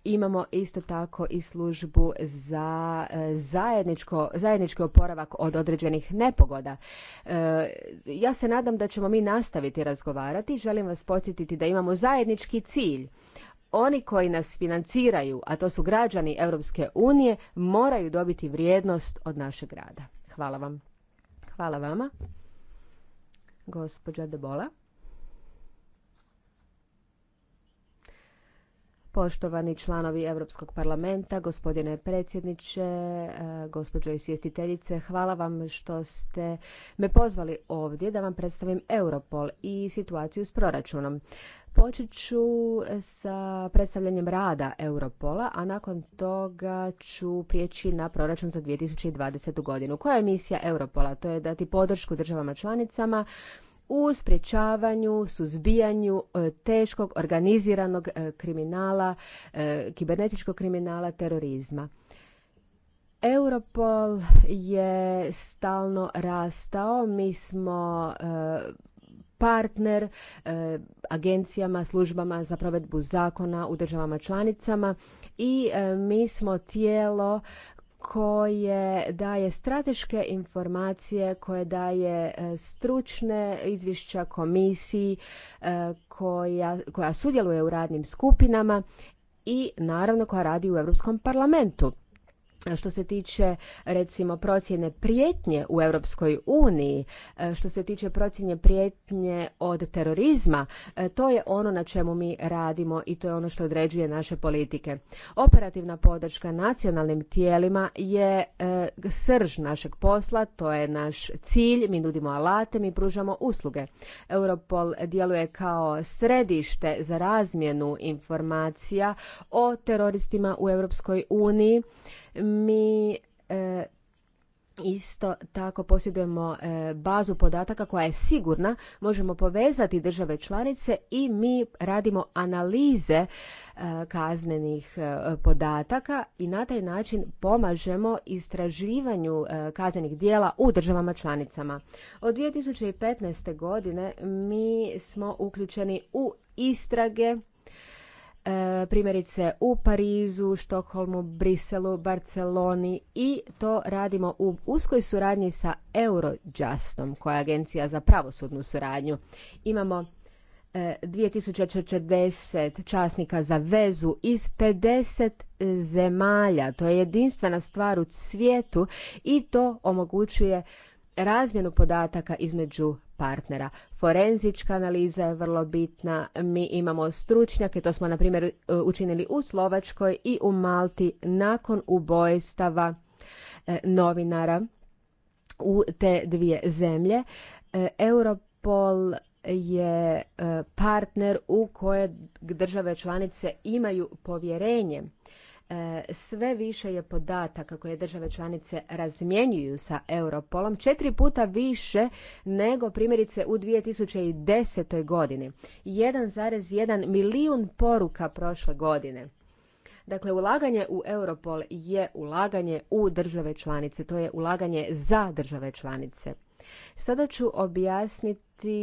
Imamo isto tako i službu za e, zajedničko, zajednički oporavak od određenih nepogoda. E, ja se nadam da ćemo mi nastaviti razgovarati. Želim vas podsjetiti da imamo zajednički cilj oni koji nas financiraju, a to su građani Europske unije, moraju dobiti vrijednost od našeg rada. Hvala vam. Hvala vama. Gospođa Debola. Poštovani članovi Europskog parlamenta, gospodine predsjedniče, e, gospođo izvjestiteljice. hvala vam što ste me pozvali ovdje da vam predstavim Europol i situaciju s proračunom. Počet ću e, sa predstavljanjem rada Europola, a nakon toga ću prijeći na proračun za 2020. godinu. Koja je misija Europola? To je dati podršku državama članicama u sprječavanju, suzbijanju e, teškog organiziranog e, kriminala, kibernetičkog kriminala, terorizma. Europol je stalno rastao. Mi smo partner e, agencijama, službama za provedbu zakona u državama članicama i e, mi smo tijelo koje daje strateške informacije, koje daje e, stručne izvješća komisiji, koja, koja sudjeluje u radnim skupinama i naravno koja radi u Europskom parlamentu što se tiče recimo procjene prijetnje u Europskoj uniji, e, što se tiče procjene prijetnje od terorizma, e, to je ono na čemu mi radimo i to je ono što određuje naše politike. Operativna podrška nacionalnim tijelima je e, srž našeg posla, to je naš cilj, mi nudimo alate, mi pružamo usluge. Europol djeluje kao središte za razmjenu informacija o teroristima u Europskoj uniji mi e, Isto tako posjedujemo e, bazu podataka koja je sigurna, možemo povezati države članice i mi radimo analize e, kaznenih podataka i na taj način pomažemo istraživanju kaznenih dijela u državama članicama. Od 2015. godine mi smo uključeni u istrage E, primjerice u Parizu, Štokholmu, Briselu, Barceloni i to radimo u uskoj suradnji sa Eurojustom, koja je agencija za pravosudnu suradnju. Imamo 2040 e, časnika za vezu iz 50 zemalja. To je jedinstvena stvar u svijetu i to omogućuje razmjenu podataka između partnera. Forenzička analiza je vrlo bitna. Mi imamo stručnjake, to smo na primjer e, učinili u Slovačkoj i u Malti nakon ubojstava e, novinara u te dvije zemlje. E, Europol je partner u koje države članice imaju povjerenje E, sve više je podataka koje države članice razmjenjuju sa Europolom, četiri puta više nego primjerice u 2010. godini. 1,1 milijun poruka prošle godine. Dakle, ulaganje u Europol je ulaganje u države članice, to je ulaganje za države članice. Sada ću objasniti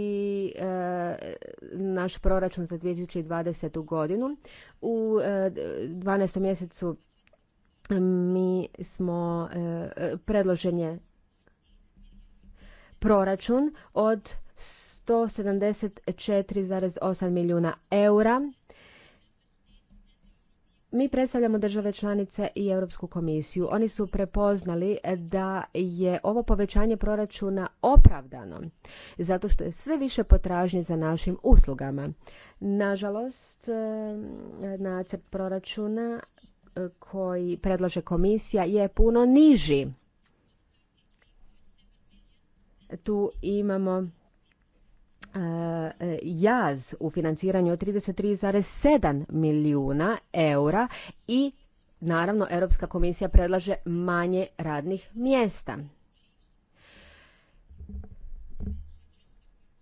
e, naš proračun za 2020. godinu. U 12. E, mjesecu mi smo e, predložen je proračun od 174,8 milijuna eura mi predstavljamo države članice i Europsku komisiju. Oni su prepoznali da je ovo povećanje proračuna opravdano, zato što je sve više potražnje za našim uslugama. Nažalost, eh, nacrt proračuna eh, koji predlaže komisija je puno niži. Tu imamo E, jaz u financiranju od 33,7 milijuna eura i naravno Europska komisija predlaže manje radnih mjesta.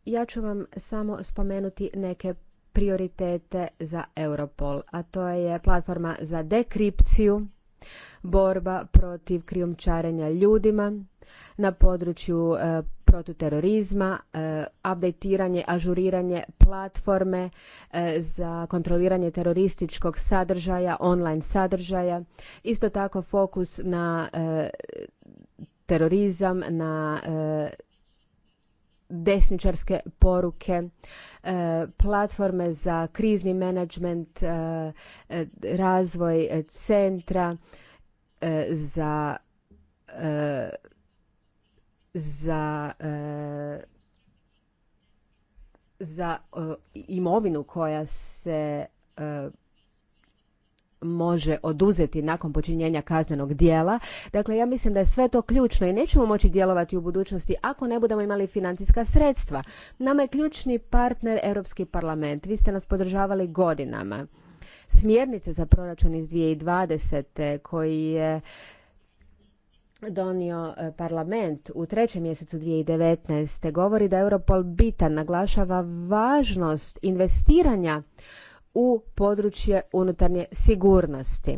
Ja ću vam samo spomenuti neke prioritete za Europol, a to je platforma za dekripciju, borba protiv krijumčarenja ljudima na području e, protuterorizma, e, updateiranje, ažuriranje platforme e, za kontroliranje terorističkog sadržaja, online sadržaja. Isto tako fokus na e, terorizam, na desničarske poruke, platforme za krizni menadžment, razvoj centra za za e, za e, imovinu koja se e, može oduzeti nakon počinjenja kaznenog dijela. Dakle, ja mislim da je sve to ključno i nećemo moći djelovati u budućnosti ako ne budemo imali financijska sredstva. Nama je ključni partner Europski parlament. Vi ste nas podržavali godinama. Smjernice za proračun iz 2020. koji je donio e, parlament u trećem mjesecu 2019. govori da Europol bitan naglašava važnost investiranja u područje unutarnje sigurnosti.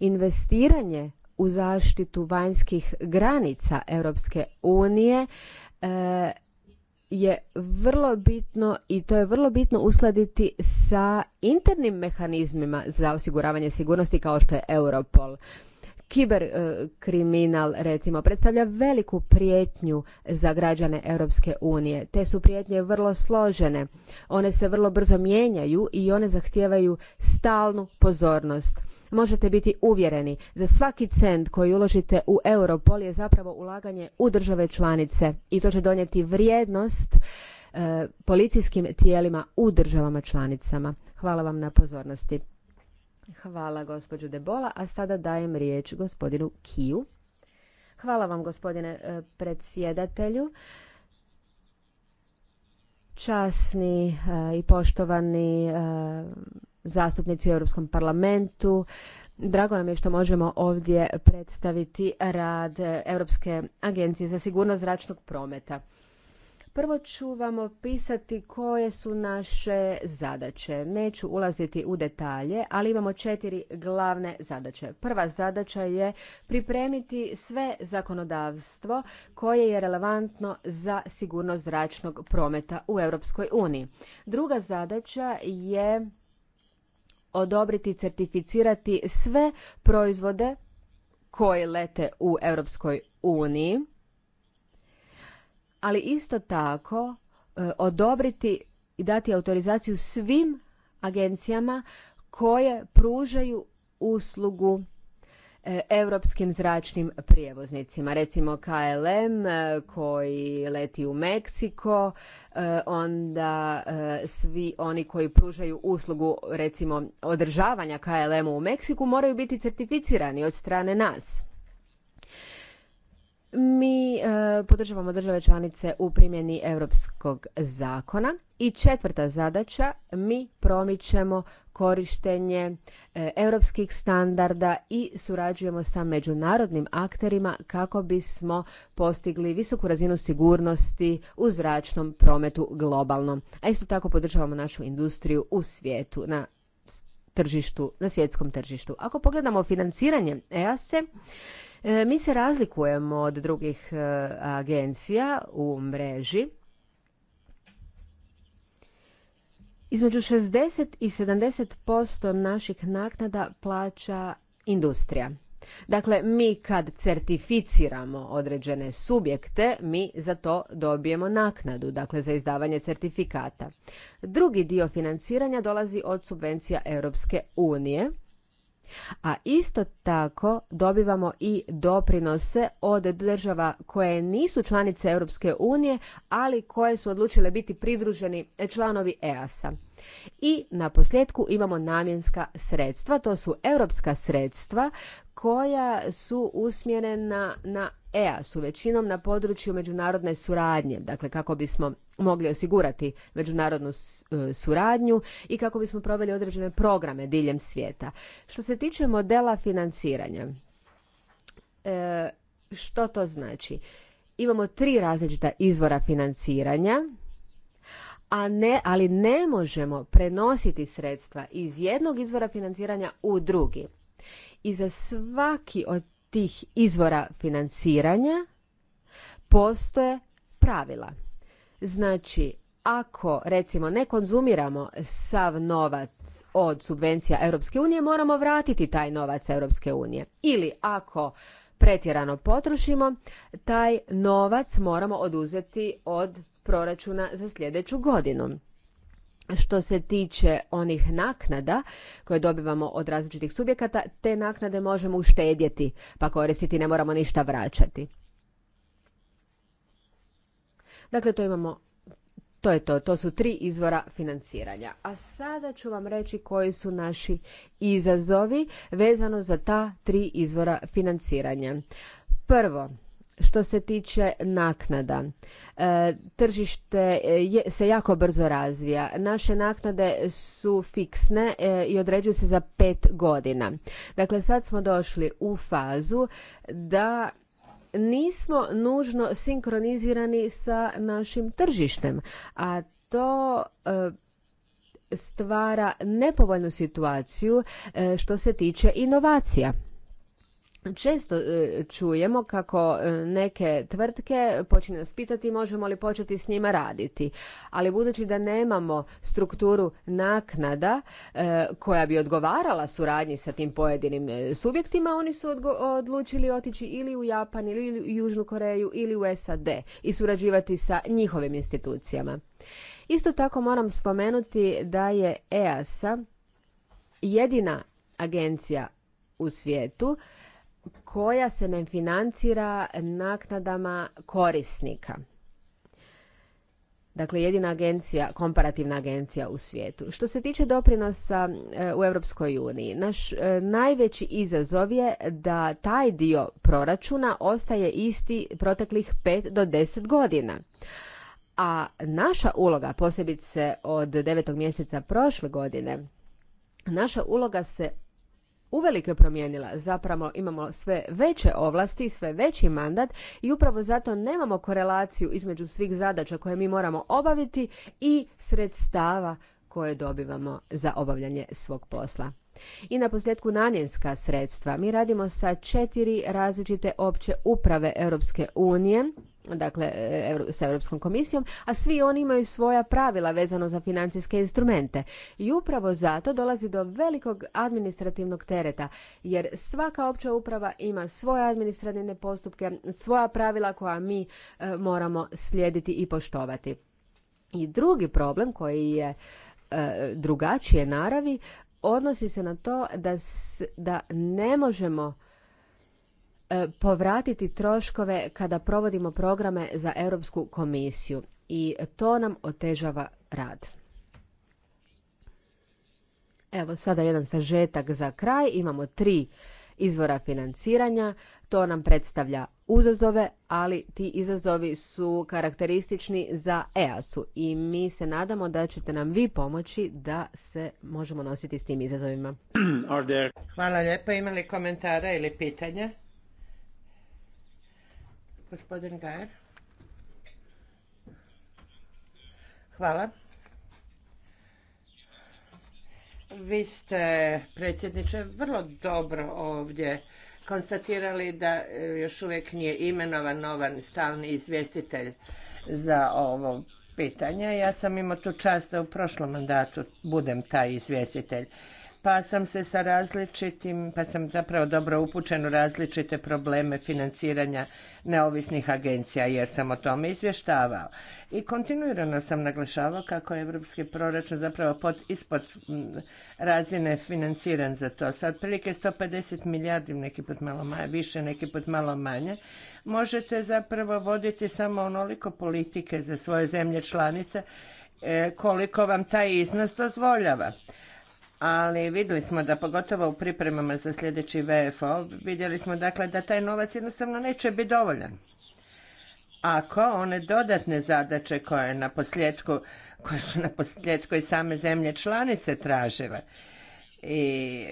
Investiranje u zaštitu vanjskih granica Europske unije e, je vrlo bitno i to je vrlo bitno uskladiti sa internim mehanizmima za osiguravanje sigurnosti kao što je Europol. Kiberkriminal e, recimo predstavlja veliku prijetnju za građane Europske unije. Te su prijetnje vrlo složene, one se vrlo brzo mijenjaju i one zahtijevaju stalnu pozornost. Možete biti uvjereni, za svaki cent koji uložite u Europol je zapravo ulaganje u države članice i to će donijeti vrijednost e, policijskim tijelima u državama članicama. Hvala vam na pozornosti. Hvala gospođu Debola, a sada dajem riječ gospodinu Kiju. Hvala vam gospodine e, predsjedatelju. Časni e, i poštovani e, zastupnici u Europskom parlamentu, Drago nam je što možemo ovdje predstaviti rad Europske agencije za sigurnost zračnog prometa. Prvo ću vam opisati koje su naše zadaće. Neću ulaziti u detalje, ali imamo četiri glavne zadaće. Prva zadaća je pripremiti sve zakonodavstvo koje je relevantno za sigurnost zračnog prometa u Europskoj uniji. Druga zadaća je odobriti i certificirati sve proizvode koji lete u Europskoj uniji ali isto tako e, odobriti i dati autorizaciju svim agencijama koje pružaju uslugu europskim zračnim prijevoznicima. Recimo KLM e, koji leti u Meksiko, e, onda svi oni koji pružaju uslugu recimo održavanja KLM-u u Meksiku moraju biti certificirani od strane nas mi e, podržavamo države članice u primjeni europskog zakona i četvrta zadaća mi promičemo korištenje e, europskih standarda i surađujemo sa međunarodnim akterima kako bismo postigli visoku razinu sigurnosti u zračnom prometu globalno a isto tako podržavamo našu industriju u svijetu na tržištu na svjetskom tržištu ako pogledamo financiranje EASE E, mi se razlikujemo od drugih e, agencija u mreži. Između 60 i 70% naših naknada plaća industrija. Dakle, mi kad certificiramo određene subjekte, mi za to dobijemo naknadu, dakle za izdavanje certifikata. Drugi dio financiranja dolazi od subvencija Europske unije a isto tako dobivamo i doprinose od država koje nisu članice Europske unije, ali koje su odlučile biti pridruženi članovi EASA. I na posljedku imamo namjenska sredstva, to su europska sredstva koja su usmjerena na ea su većinom na području međunarodne suradnje, dakle kako bismo mogli osigurati međunarodnu e, suradnju i kako bismo proveli određene programe diljem svijeta. Što se tiče modela financiranja, e, što to znači? Imamo tri različita izvora financiranja, a ne, ali ne možemo prenositi sredstva iz jednog izvora financiranja u drugi. I za svaki od tih izvora financiranja postoje pravila. Znači, ako recimo ne konzumiramo sav novac od subvencija Europske unije, moramo vratiti taj novac Europske unije. Ili ako pretjerano potrošimo, taj novac moramo oduzeti od proračuna za sljedeću godinu što se tiče onih naknada koje dobivamo od različitih subjekata, te naknade možemo uštedjeti pa koristiti, ne moramo ništa vraćati. Dakle, to imamo to je to, to su tri izvora financiranja. A sada ću vam reći koji su naši izazovi vezano za ta tri izvora financiranja. Prvo, što se tiče naknada, e, tržište e, se jako brzo razvija. Naše naknade su fiksne e, i određuju se za pet godina. Dakle, sad smo došli u fazu da nismo nužno sinkronizirani sa našim tržištem, a to stvara nepovoljnu situaciju što se tiče inovacija. Često e, čujemo kako e, neke tvrtke počinju nas pitati možemo li početi s njima raditi, ali budući da nemamo strukturu naknada e, koja bi odgovarala suradnji sa tim pojedinim subjektima, oni su odlučili otići ili u Japan ili u Južnu Koreju ili u SAD i surađivati sa njihovim institucijama. Isto tako moram spomenuti da je EASA jedina agencija u svijetu koja se ne financira naknadama korisnika. Dakle, jedina agencija, komparativna agencija u svijetu. Što se tiče doprinosa e, u Europskoj uniji, naš e, najveći izazov je da taj dio proračuna ostaje isti proteklih 5 do deset godina. A naša uloga, posebice od devetog mjeseca prošle godine, naša uloga se uvelike promijenila. Zapravo imamo sve veće ovlasti, sve veći mandat i upravo zato nemamo korelaciju između svih zadaća koje mi moramo obaviti i sredstava koje dobivamo za obavljanje svog posla. I na posljedku namjenska sredstva. Mi radimo sa četiri različite opće uprave Europske unije dakle, sa Europskom komisijom, a svi oni imaju svoja pravila vezano za financijske instrumente. I upravo zato dolazi do velikog administrativnog tereta, jer svaka opća uprava ima svoje administrativne postupke, svoja pravila koja mi e, moramo slijediti i poštovati. I drugi problem koji je e, drugačije naravi, odnosi se na to da, da ne možemo E, povratiti troškove kada provodimo programe za Europsku komisiju i to nam otežava rad. Evo sada jedan sažetak za kraj. Imamo tri izvora financiranja. To nam predstavlja uzazove, ali ti izazovi su karakteristični za EAS-u i mi se nadamo da ćete nam vi pomoći da se možemo nositi s tim izazovima. Hvala lijepo. Imali komentare ili pitanja? Gospodin Gajer. Hvala. Vi ste, predsjedniče, vrlo dobro ovdje konstatirali da e, još uvijek nije imenovan novan stalni izvjestitelj za ovo pitanje. Ja sam imao tu čast da u prošlom mandatu budem taj izvjestitelj pa sam se sa različitim, pa sam zapravo dobro upućen u različite probleme financiranja neovisnih agencija jer sam o tome izvještavao. I kontinuirano sam naglašavao kako je evropski proračun zapravo pod, ispod razine financiran za to. Sa otprilike 150 milijardi, neki put malo manje, više, neki put malo manje, možete zapravo voditi samo onoliko politike za svoje zemlje članice e, koliko vam taj iznos dozvoljava ali vidjeli smo da pogotovo u pripremama za sljedeći VFO, vidjeli smo dakle da taj novac jednostavno neće biti dovoljan. Ako one dodatne zadaće koje na posljedku, koje su na posljedku i same zemlje članice tražile, i,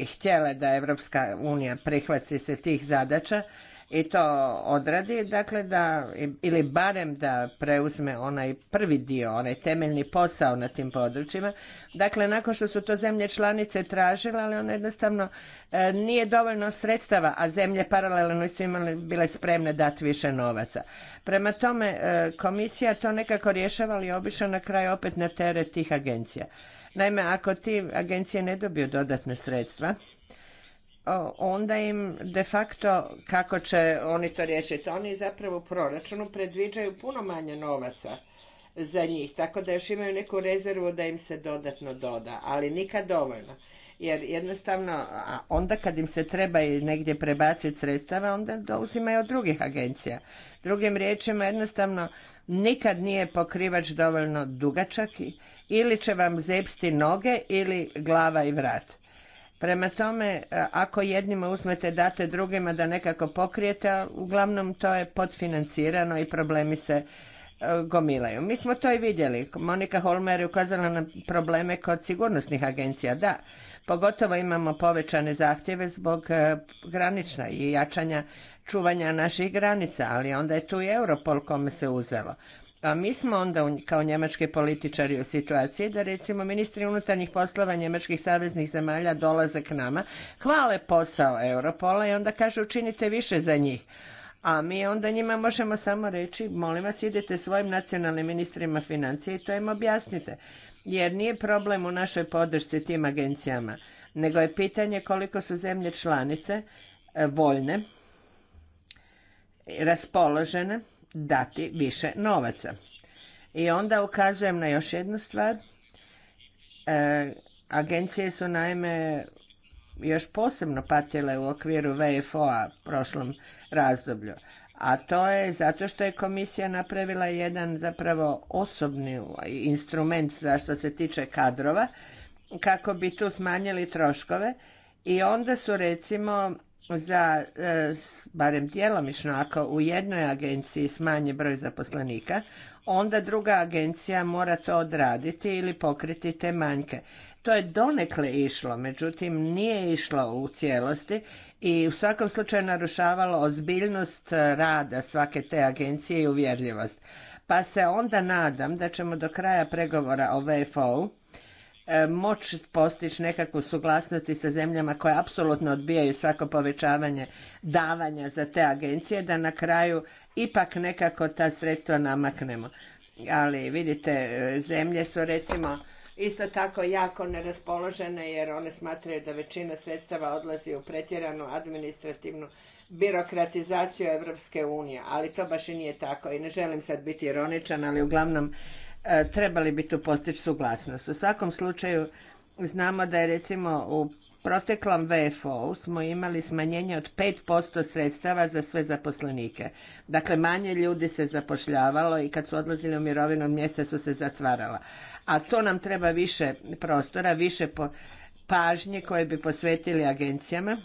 i htjela da Evropska unija prihvaci se tih zadaća, i to odradi, dakle da, ili barem da preuzme onaj prvi dio, onaj temeljni posao na tim područjima. Dakle, nakon što su to zemlje članice tražile, ali ono jednostavno e, nije dovoljno sredstava, a zemlje paralelno su imale, bile spremne dati više novaca. Prema tome, e, komisija to nekako rješava, ali obično na kraju opet na teret tih agencija. Naime, ako ti agencije ne dobiju dodatne sredstva, onda im de facto, kako će oni to riješiti, oni zapravo u proračunu predviđaju puno manje novaca za njih, tako da još imaju neku rezervu da im se dodatno doda, ali nikad dovoljno. Jer jednostavno, a onda kad im se treba i negdje prebaciti sredstava, onda to uzimaju od drugih agencija. Drugim riječima, jednostavno, nikad nije pokrivač dovoljno dugačak ili će vam zepsti noge ili glava i vrat. Prema tome, e, ako jednima uzmete, date drugima da nekako pokrijete, uglavnom to je podfinancirano i problemi se e, gomilaju. Mi smo to i vidjeli. Monika Holmer je ukazala na probleme kod sigurnosnih agencija. Da, pogotovo imamo povećane zahtjeve zbog e, granična i jačanja čuvanja naših granica, ali onda je tu i Europol kome se uzelo. A mi smo onda kao njemački političari u situaciji da recimo ministri unutarnjih poslova njemačkih saveznih zemalja dolaze k nama, hvale posao Europola i onda kažu učinite više za njih. A mi onda njima možemo samo reći, molim vas, idete svojim nacionalnim ministrima financije i to im objasnite. Jer nije problem u našoj podršci tim agencijama, nego je pitanje koliko su zemlje članice e, voljne, raspoložene, dati više novaca. I onda ukazujem na još jednu stvar. E, agencije su naime još posebno patile u okviru VFO-a prošlom razdoblju. A to je zato što je komisija napravila jedan zapravo osobni instrument za što se tiče kadrova kako bi tu smanjili troškove i onda su recimo za, e, barem djelomično, ako u jednoj agenciji smanji broj zaposlenika, onda druga agencija mora to odraditi ili pokriti te manjke. To je donekle išlo, međutim nije išlo u cijelosti i u svakom slučaju narušavalo ozbiljnost e, rada svake te agencije i uvjerljivost. Pa se onda nadam da ćemo do kraja pregovora o VFO-u E, moći postići nekakvu suglasnost sa zemljama koje apsolutno odbijaju svako povećavanje davanja za te agencije, da na kraju ipak nekako ta sredstva namaknemo. Ali vidite, e, zemlje su recimo isto tako jako neraspoložene jer one smatraju da većina sredstava odlazi u pretjeranu administrativnu birokratizaciju Evropske unije, ali to baš i nije tako i ne želim sad biti ironičan, ali uglavnom E, trebali bi tu postići suglasnost. U svakom slučaju znamo da je recimo u proteklom vfo smo imali smanjenje od 5% sredstava za sve zaposlenike. Dakle, manje ljudi se zapošljavalo i kad su odlazili u mirovinu mjesta su se zatvarala. A to nam treba više prostora, više pažnje koje bi posvetili agencijama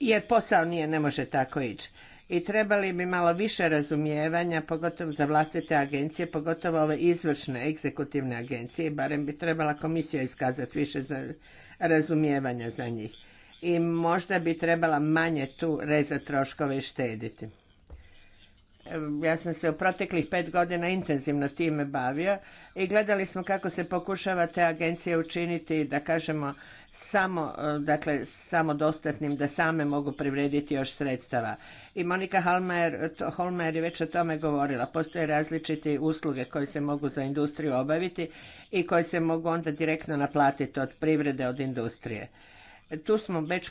jer posao nije, ne može tako ići i trebali bi malo više razumijevanja, pogotovo za vlastite agencije, pogotovo ove izvršne, egzekutivne agencije, barem bi trebala komisija iskazati više za razumijevanja za njih. I možda bi trebala manje tu rezati troškove i štediti. Ehm, ja sam se u proteklih pet godina intenzivno time bavio i gledali smo kako se pokušava te agencije učiniti, da kažemo, samo, ehm, dakle, samodostatnim, da same mogu privrediti još sredstava. I Monika to, je već o tome govorila. Postoje različite usluge koje se mogu za industriju obaviti i koje se mogu onda direktno naplatiti od privrede, od industrije tu smo već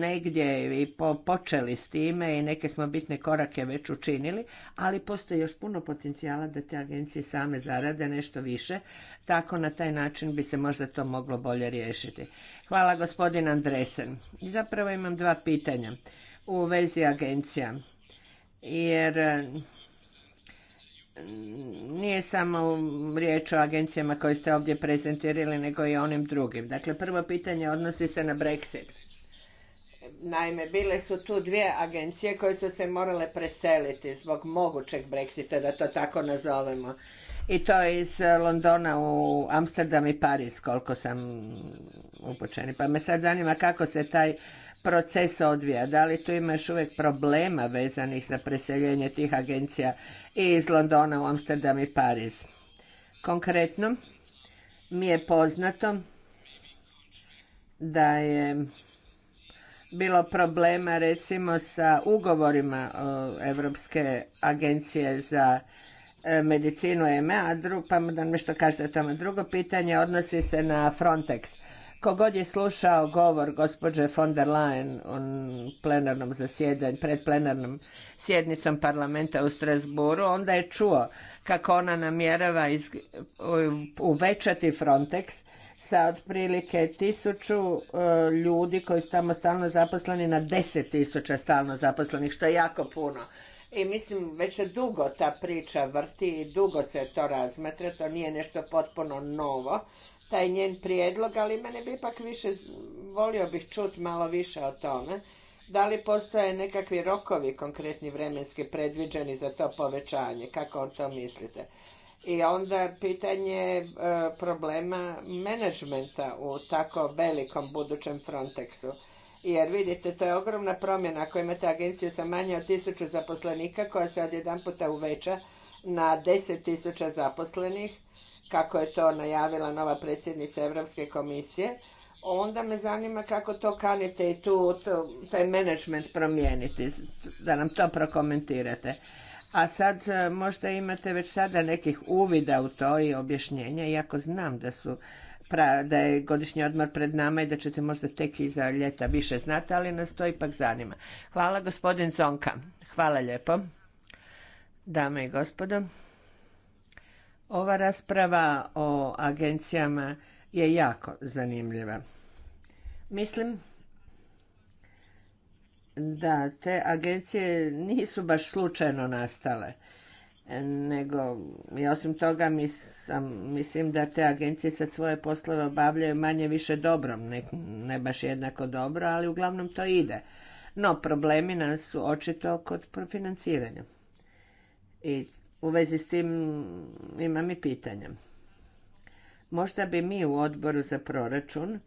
negdje i počeli s time i neke smo bitne korake već učinili, ali postoji još puno potencijala da te agencije same zarade nešto više, tako na taj način bi se možda to moglo bolje riješiti. Hvala gospodin Andresen. Zapravo imam dva pitanja u vezi agencija, jer nije samo riječ o agencijama koje ste ovdje prezentirali, nego i onim drugim. Dakle, prvo pitanje odnosi se na Brexit. Naime, bile su tu dvije agencije koje su se morale preseliti zbog mogućeg Brexita, da to tako nazovemo. I to iz Londona u Amsterdam i Paris, koliko sam upočeni. Pa me sad zanima kako se taj proces odvija? Da li tu ima još uvijek problema vezanih za preseljenje tih agencija iz Londona u Amsterdam i Pariz? Konkretno, mi je poznato da je bilo problema recimo sa ugovorima Europske agencije za e, medicinu EMA, a pa da nešto kažete o tome. Drugo pitanje odnosi se na Frontex god je slušao govor gospođe von der Leyen u plenarnom zasjedanju, pred plenarnom sjednicom parlamenta u Strasburu, onda je čuo kako ona namjerava uvećati Frontex sa otprilike tisuću e, ljudi koji su tamo stalno zaposleni na deset tisuća stalno zaposlenih, što je jako puno. I mislim, već se dugo ta priča vrti i dugo se to razmatra, to nije nešto potpuno novo taj njen prijedlog, ali mene bi ipak više, volio bih čuti malo više o tome. Da li postoje nekakvi rokovi konkretni vremenski predviđeni za to povećanje? Kako on to mislite? I onda pitanje e, problema menadžmenta u tako velikom budućem Frontexu. Jer vidite, to je ogromna promjena ako imate agenciju sa manje od tisuću zaposlenika koja se odjedan puta uveća na deset tisuća zaposlenih kako je to najavila nova predsjednica Europske komisije, onda me zanima kako to kanite i tu taj management promijeniti, da nam to prokomentirate. A sad e, možda imate već sada nekih uvida u to i objašnjenja, iako znam da su da je godišnji odmor pred nama i da ćete možda tek iza ljeta više znati, ali nas to ipak zanima. Hvala gospodin Zonka. Hvala lijepo. Dame i gospodo. Ova rasprava o agencijama je jako zanimljiva. Mislim da te agencije nisu baš slučajno nastale, nego i osim toga mislim, mislim da te agencije sad svoje poslove obavljaju manje više dobrom. ne, ne baš jednako dobro, ali uglavnom to ide. No problemi nas su očito kod financiranja. I u vezi s tim imam i pitanja. Možda bi mi u odboru za proračun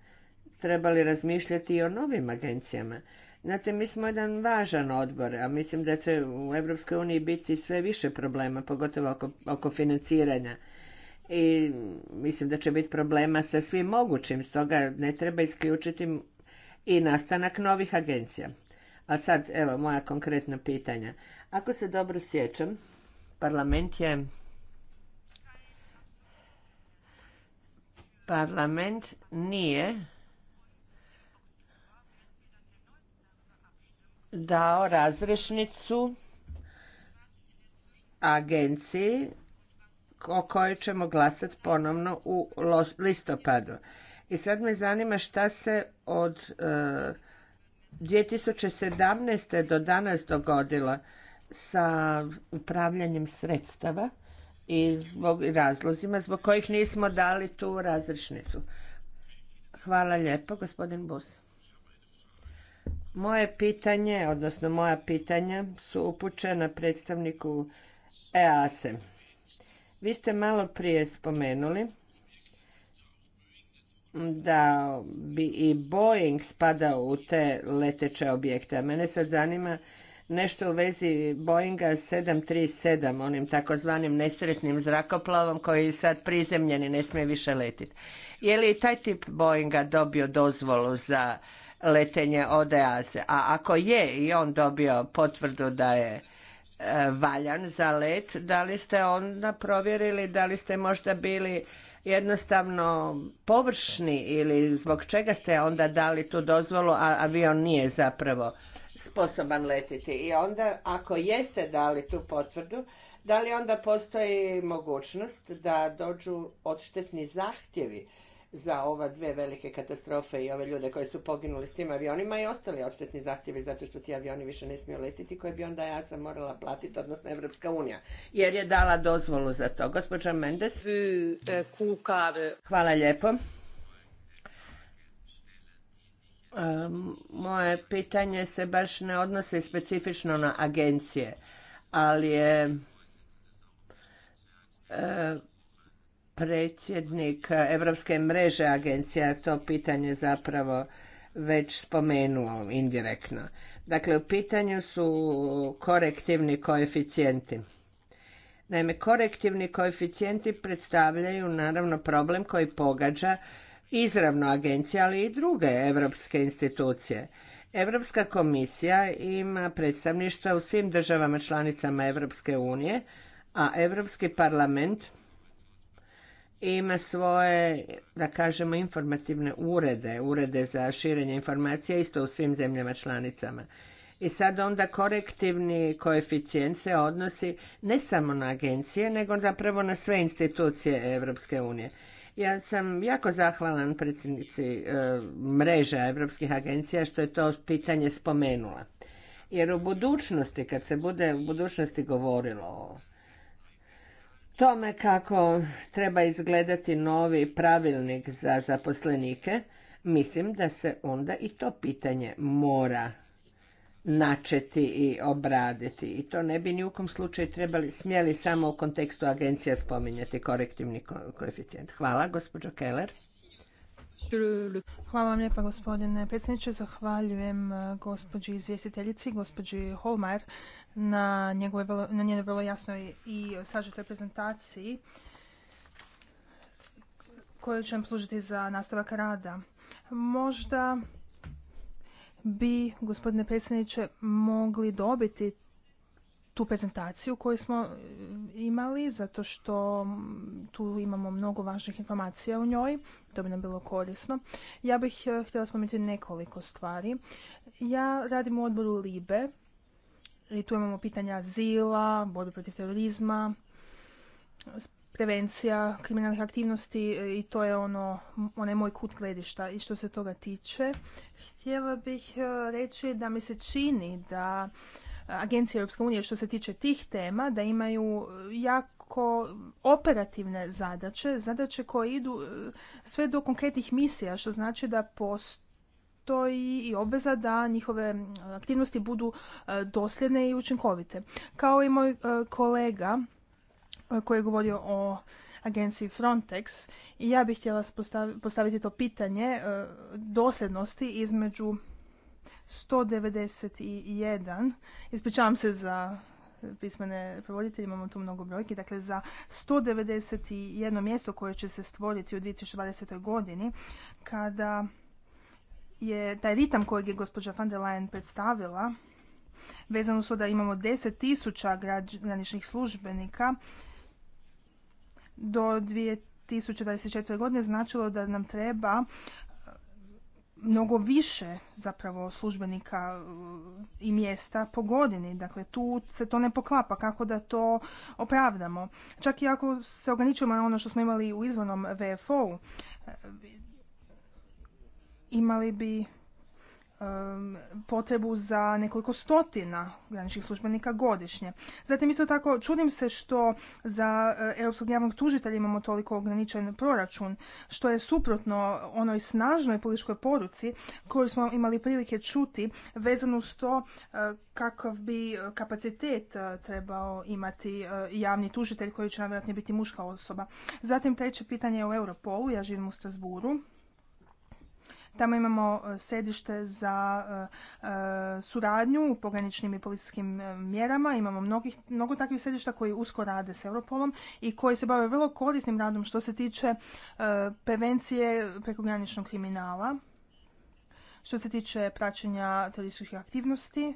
trebali razmišljati i o novim agencijama. Znate, mi smo jedan važan odbor, a mislim da će u Europskoj uniji biti sve više problema, pogotovo oko, oko financiranja. I mislim da će biti problema sa svim mogućim, stoga ne treba isključiti i nastanak novih agencija. A sad, evo, moja konkretna pitanja. Ako se dobro sjećam, Parlament je parlament nije dao razrešnicu agenciji o kojoj ćemo glasati ponovno u listopadu. I sad me zanima šta se od 2017. E, do danas dogodilo sa upravljanjem sredstava i zbog razlozima zbog kojih nismo dali tu razrešnicu. Hvala lijepo, gospodin Bus. Moje pitanje, odnosno moja pitanja su upućena predstavniku EASE. Vi ste malo prije spomenuli da bi i Boeing spadao u te leteće objekte. A mene sad zanima nešto u vezi Boeinga 737, onim takozvanim nesretnim zrakoplovom koji je sad prizemljen i ne smije više letiti. Je li taj tip Boeinga dobio dozvolu za letenje od EASE? A ako je i on dobio potvrdu da je e, valjan za let, da li ste onda provjerili, da li ste možda bili jednostavno površni ili zbog čega ste onda dali tu dozvolu, a avion nije zapravo sposoban letiti. I onda, ako jeste dali tu potvrdu, da li onda postoji mogućnost da dođu odštetni zahtjevi za ova dve velike katastrofe i ove ljude koji su poginuli s tim avionima i ostali odštetni zahtjevi zato što ti avioni više ne smiju letiti koje bi onda ja sam morala platiti, odnosno Evropska unija, jer je dala dozvolu za to. Gospođa Mendes. E, Hvala lijepo. Moje pitanje se baš ne odnosi specifično na agencije, ali je e, predsjednik Evropske mreže agencija to pitanje zapravo već spomenuo indirektno. Dakle, u pitanju su korektivni koeficijenti. Naime, korektivni koeficijenti predstavljaju naravno problem koji pogađa izravno agencije, ali i druge evropske institucije. Evropska komisija ima predstavništva u svim državama članicama Evropske unije, a Evropski parlament ima svoje, da kažemo, informativne urede, urede za širenje informacija isto u svim zemljama članicama. I sad onda korektivni koeficijent se odnosi ne samo na agencije, nego zapravo na sve institucije Evropske unije. Ja sam jako zahvalan predsjednici e, mreža europskih agencija što je to pitanje spomenula. Jer u budućnosti, kad se bude u budućnosti govorilo o tome kako treba izgledati novi pravilnik za zaposlenike, mislim da se onda i to pitanje mora načeti i obraditi. I to ne bi ni u kom slučaju trebali, smjeli samo u kontekstu agencija spominjati korektivni koeficijent. Hvala, gospođo Keller. Hvala vam lijepa gospodine predsjedniče. Zahvaljujem eh, gospođi izvjestiteljici, gospođi Holmar na, njenoj vrlo jasnoj i sažetoj prezentaciji koja će vam služiti za nastavak rada. Možda bi, gospodine predsjedniče, mogli dobiti tu prezentaciju koju smo e, imali, zato što tu imamo mnogo važnih informacija u njoj. To bi nam bilo korisno. Ja bih e, htjela spomenuti nekoliko stvari. Ja radim u odboru LIBE i tu imamo pitanja azila, borbe protiv terorizma, prevencija kriminalnih aktivnosti i to je ono, onaj moj kut gledišta. I što se toga tiče, htjela bih e, reći da mi se čini da agencije Europske unije što se tiče tih tema, da imaju jako operativne zadaće, zadaće koje idu e, sve do konkretnih misija, što znači da postoji i obveza da njihove aktivnosti budu e, dosljedne i učinkovite. Kao i moj kolega koji je govorio o agenciji Frontex i ja bih htjela postaviti to pitanje e, dosljednosti između 191, ispričavam se za pismene provoditelje, imamo tu mnogo brojki, dakle za 191 mjesto koje će se stvoriti u 2020. godini, kada je taj ritam kojeg je gospođa van der Leyen predstavila, vezano to da imamo 10.000 graničnih službenika do 2024. godine značilo da nam treba e, mnogo više zapravo službenika e, i mjesta po godini. Dakle, tu se to ne poklapa, kako da to opravdamo. Čak i ako se ograničujemo na ono što smo imali u izvornom VFO-u, e, imali bi potrebu za nekoliko stotina graničnih službenika godišnje. Zatim isto tako čudim se što za e, Europskog javnog tužitelja imamo toliko ograničen proračun, što je suprotno onoj snažnoj političkoj poruci koju smo imali prilike čuti vezano s to e, kakav bi kapacitet e, trebao imati javni tužitelj koji će najvjerojatnije biti muška osoba. Zatim treće pitanje je o Europolu, ja živim u Strasburu Tamo imamo e, sedište za e, e, suradnju u pograničnim i policijskim mjerama. Imamo mnogih, mnogo takvih sedišta koji usko rade s Europolom i koji se bave vrlo korisnim radom što se tiče prevencije prekograničnog kriminala, što se tiče praćenja terorističkih aktivnosti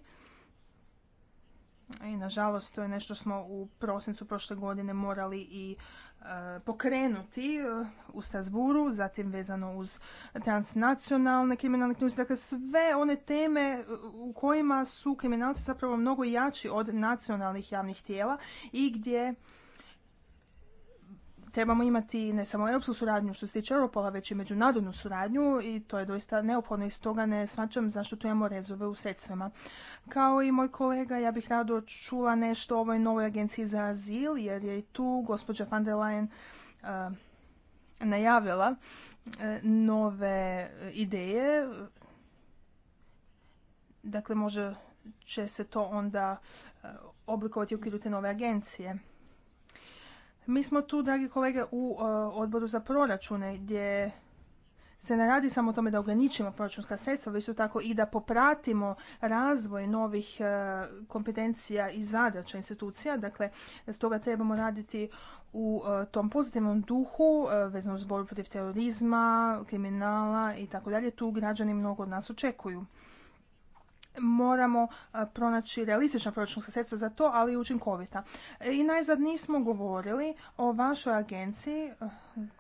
i nažalost to je nešto smo u prosincu prošle godine morali i e, pokrenuti e, u Strasburu, zatim vezano uz transnacionalne kriminalne knjuze, dakle sve one teme e, u kojima su kriminalci zapravo mnogo jači od nacionalnih javnih tijela i gdje trebamo imati ne samo europsku suradnju što se tiče Europola, već i međunarodnu suradnju i to je doista neophodno i stoga ne smačam zašto tu imamo rezove u sredstvima. Kao i moj kolega, ja bih rado čula nešto o ovoj novoj agenciji za azil, jer je i tu gospođa van der Leyen eh, najavila eh, nove eh, ideje. Dakle, može će se to onda oblikovati u okviru te nove agencije. Mi smo tu, dragi kolege, u e, odboru za proračune gdje se ne radi samo o tome da ograničimo proračunska sredstva, već su tako i da popratimo razvoj novih e, kompetencija i zadaća institucija. Dakle, stoga trebamo raditi u e, tom pozitivnom duhu vezano uz borbu protiv terorizma, kriminala i tako dalje. Tu građani mnogo od nas očekuju moramo pronaći realistična proračunska sredstva za to, ali i učinkovita. E, I najzad nismo govorili o vašoj agenciji, eh,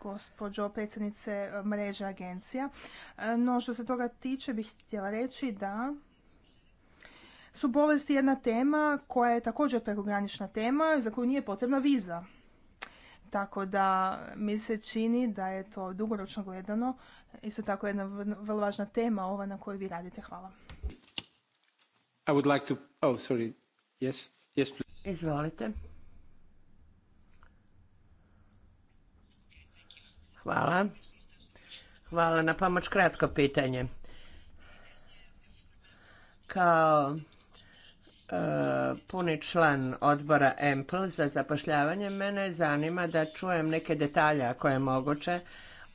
gospođo predsjednice eh, mreže agencija, e, no što se toga tiče bih htjela reći da su bolesti jedna tema koja je također prekogranična tema za koju nije potrebna viza. Tako da mi se čini da je to dugoročno gledano isto tako jedna vrlo važna tema ova na kojoj vi radite. Hvala. I would like to... Oh, sorry. Izvolite. Hvala. Hvala na pomoć. Kratko pitanje. Kao e, puni član odbora EMPL za zapošljavanje, mene zanima da čujem neke detalje, ako je moguće,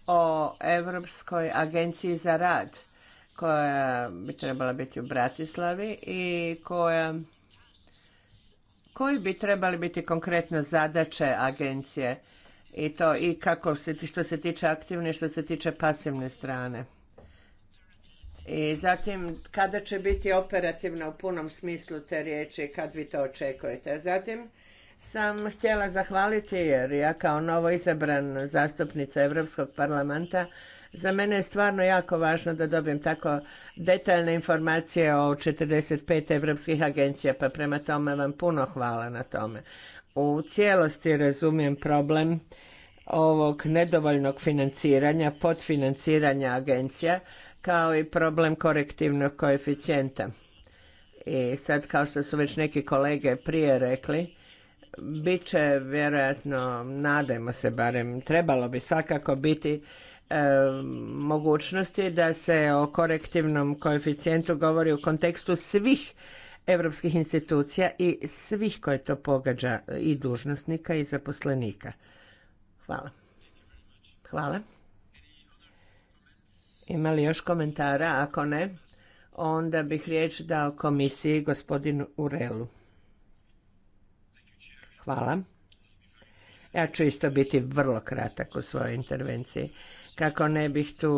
o Europskoj agenciji za rad koja bi trebala biti u Bratislavi i koja koji bi trebali biti konkretno zadaće agencije i to i kako što se tiče aktivne što se tiče pasivne strane. I zatim kada će biti operativna u punom smislu te riječi, kad vi to očekujete. zatim sam htjela zahvaliti jer ja kao novo izabran zastupnica Europskog parlamenta za mene je stvarno jako važno da dobijem tako detaljne informacije o 45 evropskih agencija, pa prema tome vam puno hvala na tome. U cijelosti razumijem problem ovog nedovoljnog financiranja, podfinanciranja agencija, kao i problem korektivnog koeficijenta. I sad, kao što su već neki kolege prije rekli, bit će vjerojatno, nadajmo se barem, trebalo bi svakako biti E, mogućnosti da se o korektivnom koeficijentu govori u kontekstu svih europskih institucija i svih koje to pogađa i dužnosnika i zaposlenika. Hvala. Hvala. Ima li još komentara? Ako ne, onda bih riječ dao komisiji gospodinu Urelu. Hvala. Ja ću isto biti vrlo kratak u svojoj intervenciji kako ne bih tu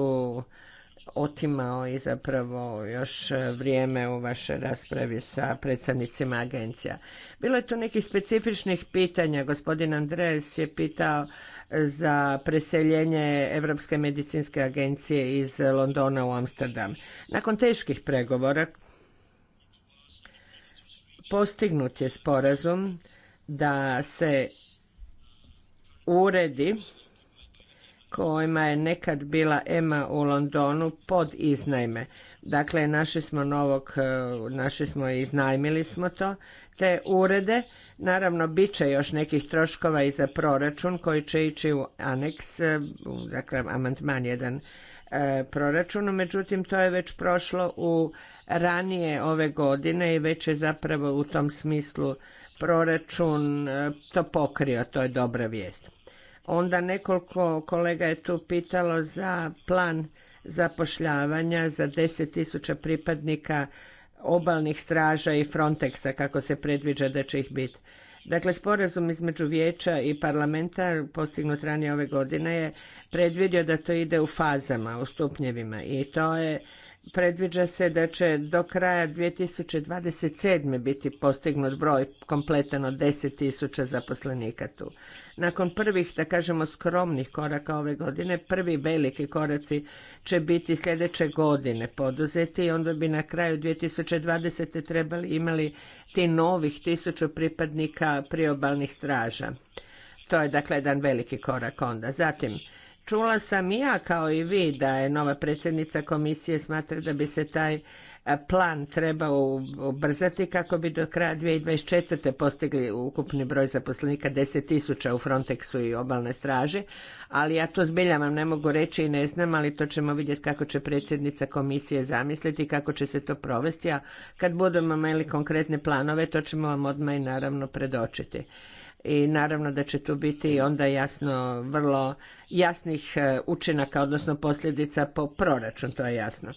otimao i zapravo još vrijeme u vašoj raspravi sa predstavnicima agencija. Bilo je tu nekih specifičnih pitanja. Gospodin Andres je pitao za preseljenje Europske medicinske agencije iz Londona u Amsterdam. Nakon teških pregovora postignut je sporazum da se uredi kojima je nekad bila EMA u Londonu pod iznajme. Dakle, našli smo novog, e, naši smo i iznajmili smo to, te urede. Naravno, bit će još nekih troškova i za proračun koji će ići u aneks, e, dakle, amantman jedan e, proračunu, međutim to je već prošlo u ranije ove godine i već je zapravo u tom smislu proračun to pokrio, to je dobra vijest. Onda nekoliko kolega je tu pitalo za plan zapošljavanja za 10.000 pripadnika obalnih straža i Frontexa kako se predviđa da će ih biti. Dakle, sporazum između vijeća i parlamenta postignut ranije ove godine je predvidio da to ide u fazama, u stupnjevima i to je Predviđa se da će do kraja 2027. biti postignut broj kompletan od 10.000 zaposlenika tu. Nakon prvih, da kažemo, skromnih koraka ove godine, prvi veliki koraci će biti sljedeće godine poduzeti i onda bi na kraju 2020. trebali imali ti novih tisuću pripadnika priobalnih straža. To je dakle jedan veliki korak onda. Zatim, čula sam i ja kao i vi da je nova predsjednica komisije smatra da bi se taj e, plan trebao ubrzati kako bi do kraja 2024. postigli ukupni broj zaposlenika 10.000 u Frontexu i obalne straže, ali ja to zbilja vam ne mogu reći i ne znam, ali to ćemo vidjeti kako će predsjednica komisije zamisliti, kako će se to provesti, a kad budemo imali konkretne planove, to ćemo vam odmah i naravno predočiti i naravno da će tu biti onda jasno vrlo jasnih e, učinaka, odnosno posljedica po proračun, to je jasno.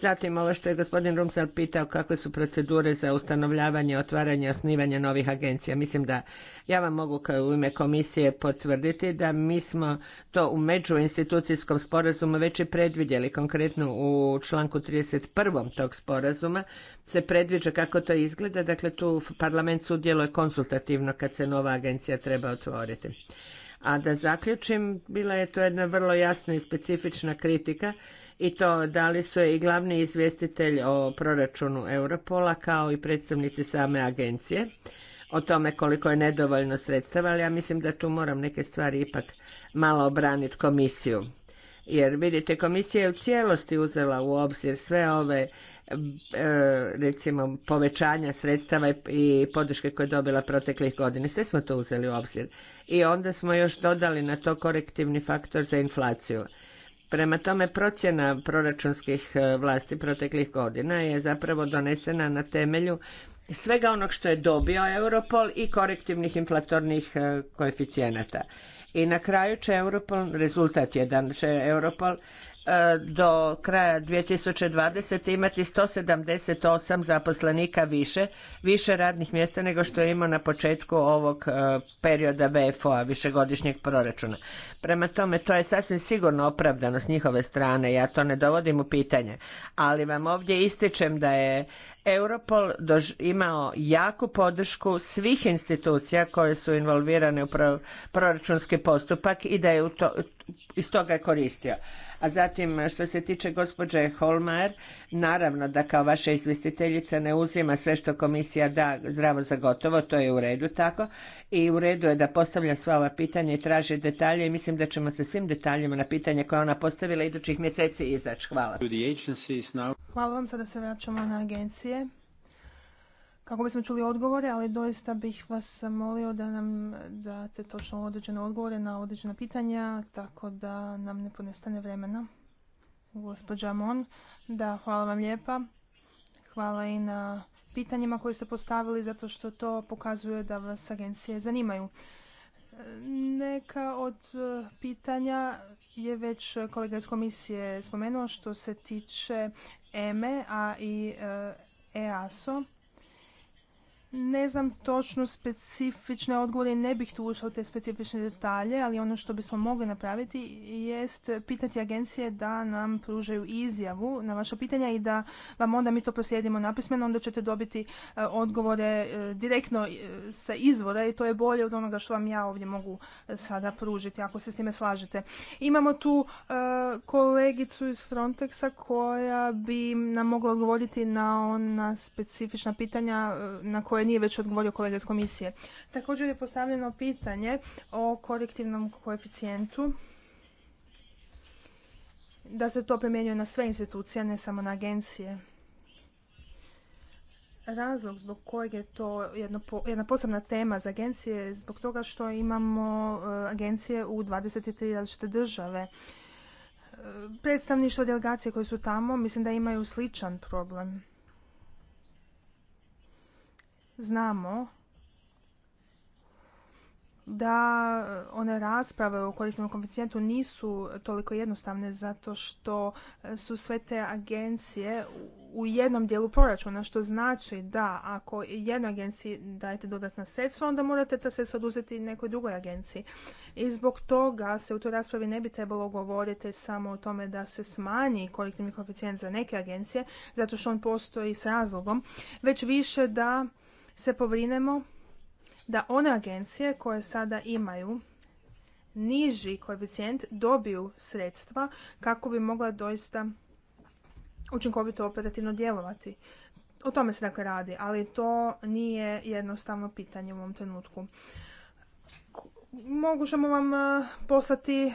Zatim ovo što je gospodin Rumsal pitao kakve su procedure za ustanovljavanje, otvaranje, osnivanje novih agencija. Mislim da ja vam mogu kao u ime komisije potvrditi da mi smo to u međuinstitucijskom sporazumu već i predvidjeli. Konkretno u članku 31. tog sporazuma se predviđa kako to izgleda. Dakle, tu parlament sudjeluje konsultativno kad se nova agencija treba otvoriti. A da zaključim, bila je to jedna vrlo jasna i specifična kritika i to dali su i glavni izvjestitelj o proračunu Europola kao i predstavnici same agencije o tome koliko je nedovoljno sredstava, ali ja mislim da tu moram neke stvari ipak malo obraniti komisiju. Jer vidite, komisija je u cijelosti uzela u obzir sve ove e, recimo povećanja sredstava i podrške koje je dobila proteklih godina. Sve smo to uzeli u obzir. I onda smo još dodali na to korektivni faktor za inflaciju. Prema tome, procjena proračunskih e, vlasti proteklih godina je zapravo donesena na temelju svega onog što je dobio Europol i korektivnih inflatornih e, koeficijenata. I na kraju će Europol, rezultat je da će Europol E, do kraja 2020. imati 178 zaposlenika više, više radnih mjesta nego što je imao na početku ovog e, perioda BFO-a, višegodišnjeg proračuna. Prema tome, to je sasvim sigurno opravdano s njihove strane, ja to ne dovodim u pitanje, ali vam ovdje ističem da je Europol imao jaku podršku svih institucija koje su involvirane u proračunski postupak i da je iz toga koristio. A zatim, što se tiče gospođe Holmajer, naravno da kao vaša izvjestiteljica ne uzima sve što komisija da zdravo za gotovo, to je u redu tako. I u redu je da postavlja sva ova pitanja i traži detalje i mislim da ćemo se svim detaljima na pitanje koje ona postavila idućih mjeseci izaći. Hvala. Hvala vam, sada se vraćamo na agencije kako bismo čuli odgovore, ali doista bih vas molio da nam date točno određene odgovore na određena pitanja, tako da nam ne ponestane vremena. Gospođa Mon, da, hvala vam lijepa. Hvala i na pitanjima koje ste postavili, zato što to pokazuje da vas agencije zanimaju. Neka od e, pitanja je već kolega iz komisije spomenuo što se tiče EME, e, a i EASO e ne znam točno specifične odgovore i ne bih tu ušla u te specifične detalje, ali ono što bismo mogli napraviti jest pitati agencije da nam pružaju izjavu na vaša pitanja i da vam onda mi to proslijedimo napismeno, onda ćete dobiti e, odgovore e, direktno e, sa izvora i to je bolje od onoga što vam ja ovdje mogu sada pružiti, ako se s time slažete. Imamo tu kolegicu iz Frontexa koja bi nam mogla odgovoriti na ona specifična pitanja na koje nije već odgovorio kolega iz komisije. Također je postavljeno pitanje o korektivnom koeficijentu da se to primjenjuje na sve institucije, ne samo na agencije. Razlog zbog kojeg je to jedna posebna tema za agencije je zbog toga što imamo e, agencije u 23 različite države. E, Predstavništvo delegacije koje su tamo mislim da imaju sličan problem znamo da one rasprave o korektivnom koeficijentu nisu toliko jednostavne zato što su sve te agencije u jednom dijelu proračuna, što znači da ako jednoj agenciji dajete dodatna sredstva, onda morate ta sredstva oduzeti nekoj drugoj agenciji. I zbog toga se u toj raspravi ne bi trebalo govoriti samo o tome da se smanji korektivni koeficijent za neke agencije, zato što on postoji s razlogom, već više da se pobrinemo da one agencije koje sada imaju niži koeficijent dobiju sredstva kako bi mogla doista učinkovito operativno djelovati. O tome se dakle radi, ali to nije jednostavno pitanje u ovom trenutku. Možemo vam e, poslati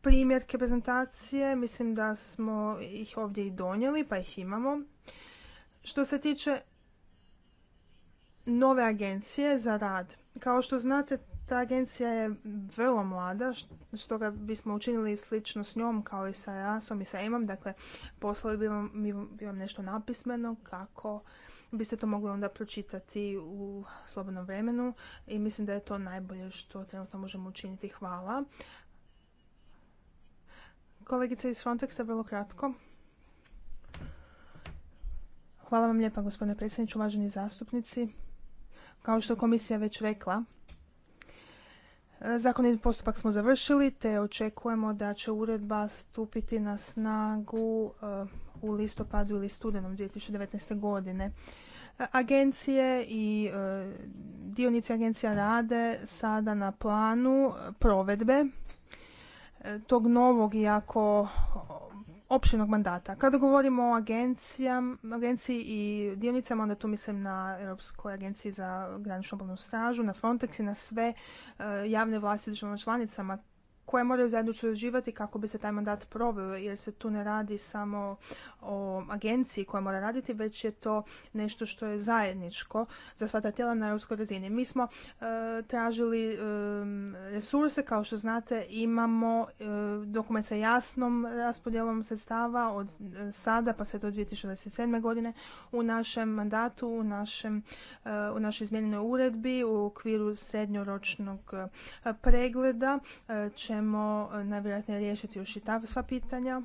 primjerke prezentacije, mislim da smo ih ovdje i donijeli, pa ih imamo. Što se tiče nove agencije za rad. Kao što znate, ta agencija je vrlo mlada, stoga bismo učinili slično s njom kao i sa Jasom i sa Emom. Dakle, poslali bi vam, bi vam nešto napismeno kako biste to mogli onda pročitati u slobodnom vremenu i mislim da je to najbolje što trenutno možemo učiniti. Hvala. Kolegice iz Frontexa, vrlo kratko. Hvala vam lijepa, gospodine predsjedniče, uvaženi zastupnici. Kao što je komisija već rekla, e, zakonni postupak smo završili te očekujemo da će uredba stupiti na snagu e, u listopadu ili studenom 2019. godine. Agencije i e, dionici agencija rade sada na planu provedbe tog novog iako opširnog mandata. Kada govorimo o agencijama, agenciji i dionicama, onda tu mislim na Europskoj agenciji za graničnu obalnu stražu, na Frontex i na sve e, javne vlasti državama članicama koje moraju zajedno surađivati kako bi se taj mandat proveo, jer se tu ne radi samo o agenciji koja mora raditi, već je to nešto što je zajedničko za sva ta tijela na europskoj razini. Mi smo e, tražili e, resurse, kao što znate imamo uh, dokument sa jasnom raspodjelom sredstava od sada pa sve do 2027. godine u našem mandatu, u, našem, u našoj izmijenjenoj uredbi, u okviru srednjoročnog pregleda ćemo najvjerojatnije riješiti još i ta sva pitanja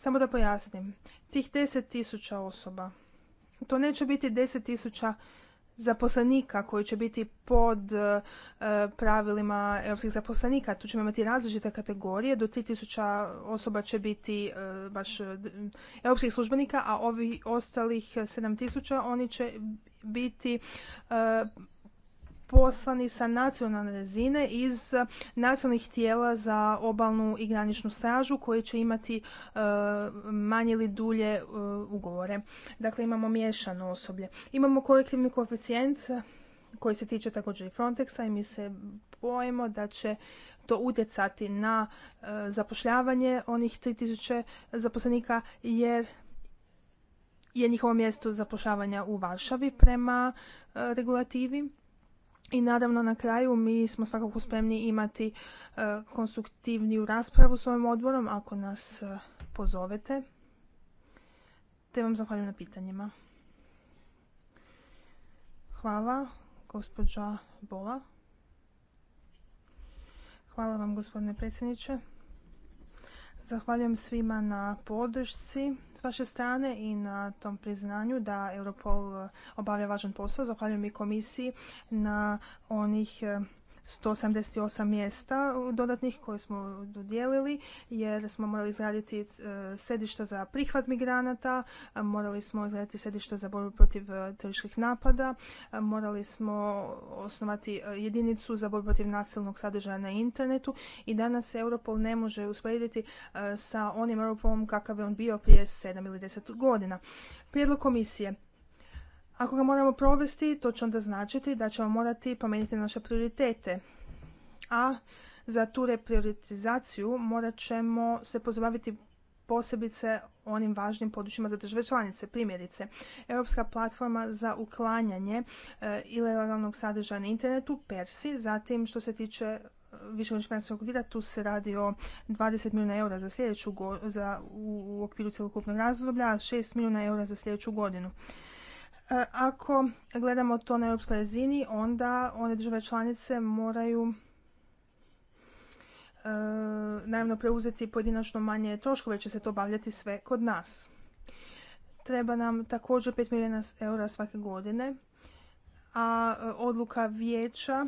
Samo da pojasnim, tih 10.000 osoba, to neće biti 10.000 zaposlenika koji će biti pod e, pravilima europskih zaposlenika. Tu ćemo imati različite kategorije. Do 3000 osoba će biti e, baš e, europskih službenika, a ovi ostalih 7000 oni će biti poslani sa nacionalne razine iz eh, nacionalnih tijela za obalnu i graničnu stražu koji će imati eh, manje ili dulje eh, ugovore. Dakle, imamo miješano osoblje. Imamo korektivni koeficijent koji se tiče također i Frontexa i mi se bojimo da će to utjecati na zapošljavanje onih 3000 zaposlenika jer je njihovo mjesto zapošljavanja u Varšavi prema regulativi i naravno na kraju mi smo svakako spremni imati e, konstruktivniju raspravu s ovim odborom ako nas e, pozovete. Te vam zahvaljujem na pitanjima. Hvala, gospođa Bola. Hvala vam, gospodine predsjedniče. Zahvaljujem svima na podršci s vaše strane i na tom priznanju da Europol obavlja važan posao. Zahvaljujem i komisiji na onih 188 mjesta dodatnih koje smo dodijelili jer smo morali izgraditi e, sedišta za prihvat migranata, morali smo izgraditi sedišta za borbu protiv e, terorističkih napada, e, morali smo osnovati jedinicu za borbu protiv nasilnog sadržaja na internetu i danas Europol ne može usporediti sa onim Europolom kakav je on bio prije 7 ili 10 godina. Prijedlog komisije ako ga moramo provesti, to će onda značiti da ćemo morati pomenuti naše prioritete. A za tu reprioritizaciju morat ćemo se pozabaviti posebice onim važnim područjima za države članice. Primjerice, Europska platforma za uklanjanje e, ilegalnog sadržaja na internetu, PERSI, zatim što se tiče e, višegodišnjeg okvira, tu se radi o 20 milijuna eura za sljedeću za, u, okviru cjelokupnog razdoblja, a 6 milijuna eura za sljedeću godinu. E, ako gledamo to na europskoj razini, onda one države članice moraju e, naravno preuzeti pojedinačno manje troškove, će se to obavljati sve kod nas. Treba nam također 5 milijuna eura svake godine, a e, odluka vijeća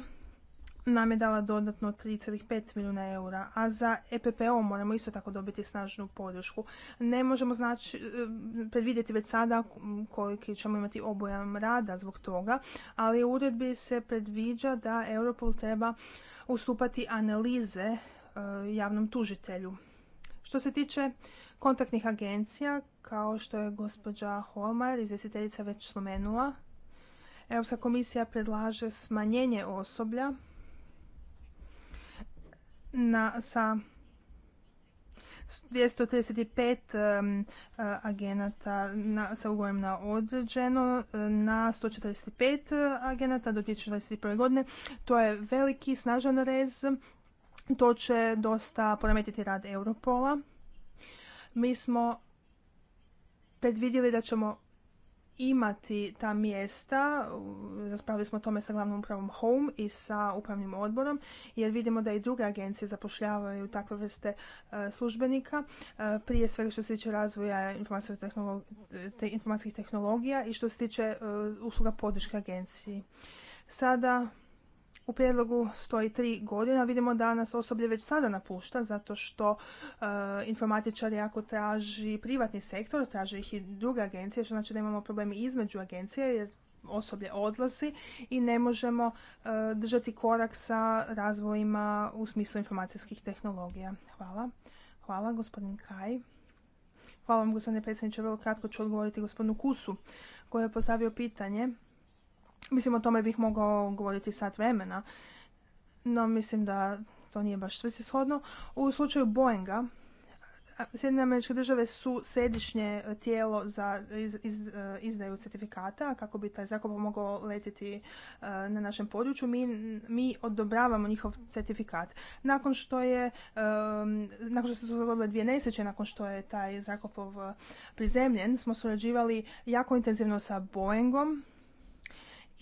nam je dala dodatno 3,5 milijuna eura, a za EPPO moramo isto tako dobiti snažnu podršku. Ne možemo znači eh, predvidjeti već sada koliki ćemo imati obojam rada zbog toga, ali u uredbi se predviđa da Europol treba ustupati analize eh, javnom tužitelju. Što se tiče kontaktnih agencija, kao što je gospođa Holmajer, izvjestiteljica već spomenula, Europska komisija predlaže smanjenje osoblja na, sa 235 e, agenata na, sa ugojem na određeno e, na 145 agenata do 2021. godine. To je veliki, snažan rez. To će dosta poremetiti rad Europola. Mi smo predvidjeli da ćemo imati ta mjesta, raspravili smo o tome sa glavnom upravom Home i sa upravnim odborom, jer vidimo da i druge agencije zapošljavaju takve vrste e, službenika, e, prije svega što se tiče razvoja informacijskih tehnologija i što se tiče e, usluga podrške agenciji. Sada u prijedlogu stoji tri godina. Vidimo da nas osoblje već sada napušta zato što e, informatičari ako traži privatni sektor, traže ih i druge agencije, što znači da imamo problemi između agencije jer osoblje odlazi i ne možemo e, držati korak sa razvojima u smislu informacijskih tehnologija. Hvala. Hvala, gospodin Kaj. Hvala vam, gospodine predsjedniče. Vrlo kratko ću odgovoriti gospodinu Kusu koji je postavio pitanje Mislim, o tome bih mogao govoriti sat vremena, no mislim da to nije baš svrsishodno. U slučaju Boeinga, Sjedinjene američke države su središnje tijelo za eh, izdaju certifikata kako bi taj zakup mogao letiti eh, na našem području. Mi, mi odobravamo njihov certifikat. Nakon što je eh, nakon što se su dogodile dvije nesreće, nakon što je taj zakupov prizemljen, smo surađivali jako intenzivno sa Boeingom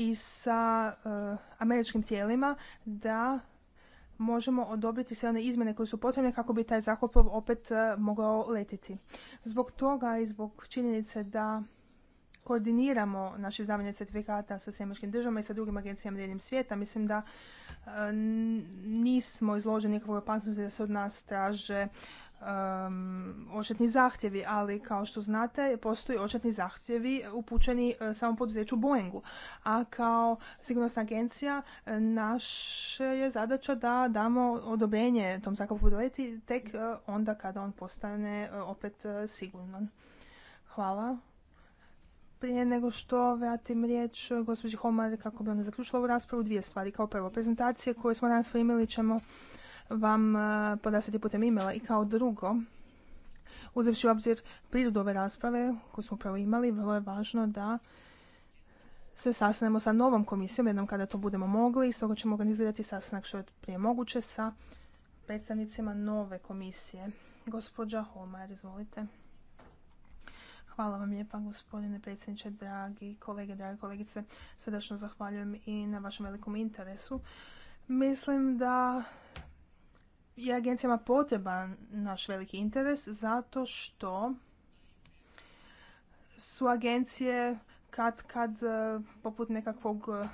i sa e, američkim tijelima da možemo odobriti sve one izmjene koje su potrebne kako bi taj zrakoplov opet e, mogao letiti. Zbog toga i zbog činjenice da koordiniramo naše izdavanje certifikata sa sjemeničkim državama i sa drugim agencijama diljem svijeta. Mislim da e, nismo izloženi nikakvoj opasnosti da se od nas traže um, očetni zahtjevi, ali kao što znate postoji očetni zahtjevi upućeni e, samom poduzeću Boeingu. A kao sigurnosna agencija e, naša je zadaća da damo odobrenje tom zakupu leti tek e, onda kada on postane opet siguran. Hvala. Prije nego što vratim riječ gospođi Homar kako bi ona zaključila ovu raspravu, dvije stvari. Kao prvo, prezentacije koje smo danas primili ćemo vam e, podastati putem e I kao drugo, uzevši u obzir prirodu ove rasprave koju smo upravo imali, vrlo je važno da se sastanemo sa novom komisijom, jednom kada to budemo mogli i stoga ćemo organizirati sastanak što je prije moguće sa predstavnicima nove komisije. Gospođa Holmajer, izvolite. Hvala vam lijepa, gospodine predsjedniče, dragi kolege, drage kolegice. Srdačno zahvaljujem i na vašem velikom interesu. Mislim da je agencijama potreban naš veliki interes zato što su agencije kad kad eh, poput nekakvog eh,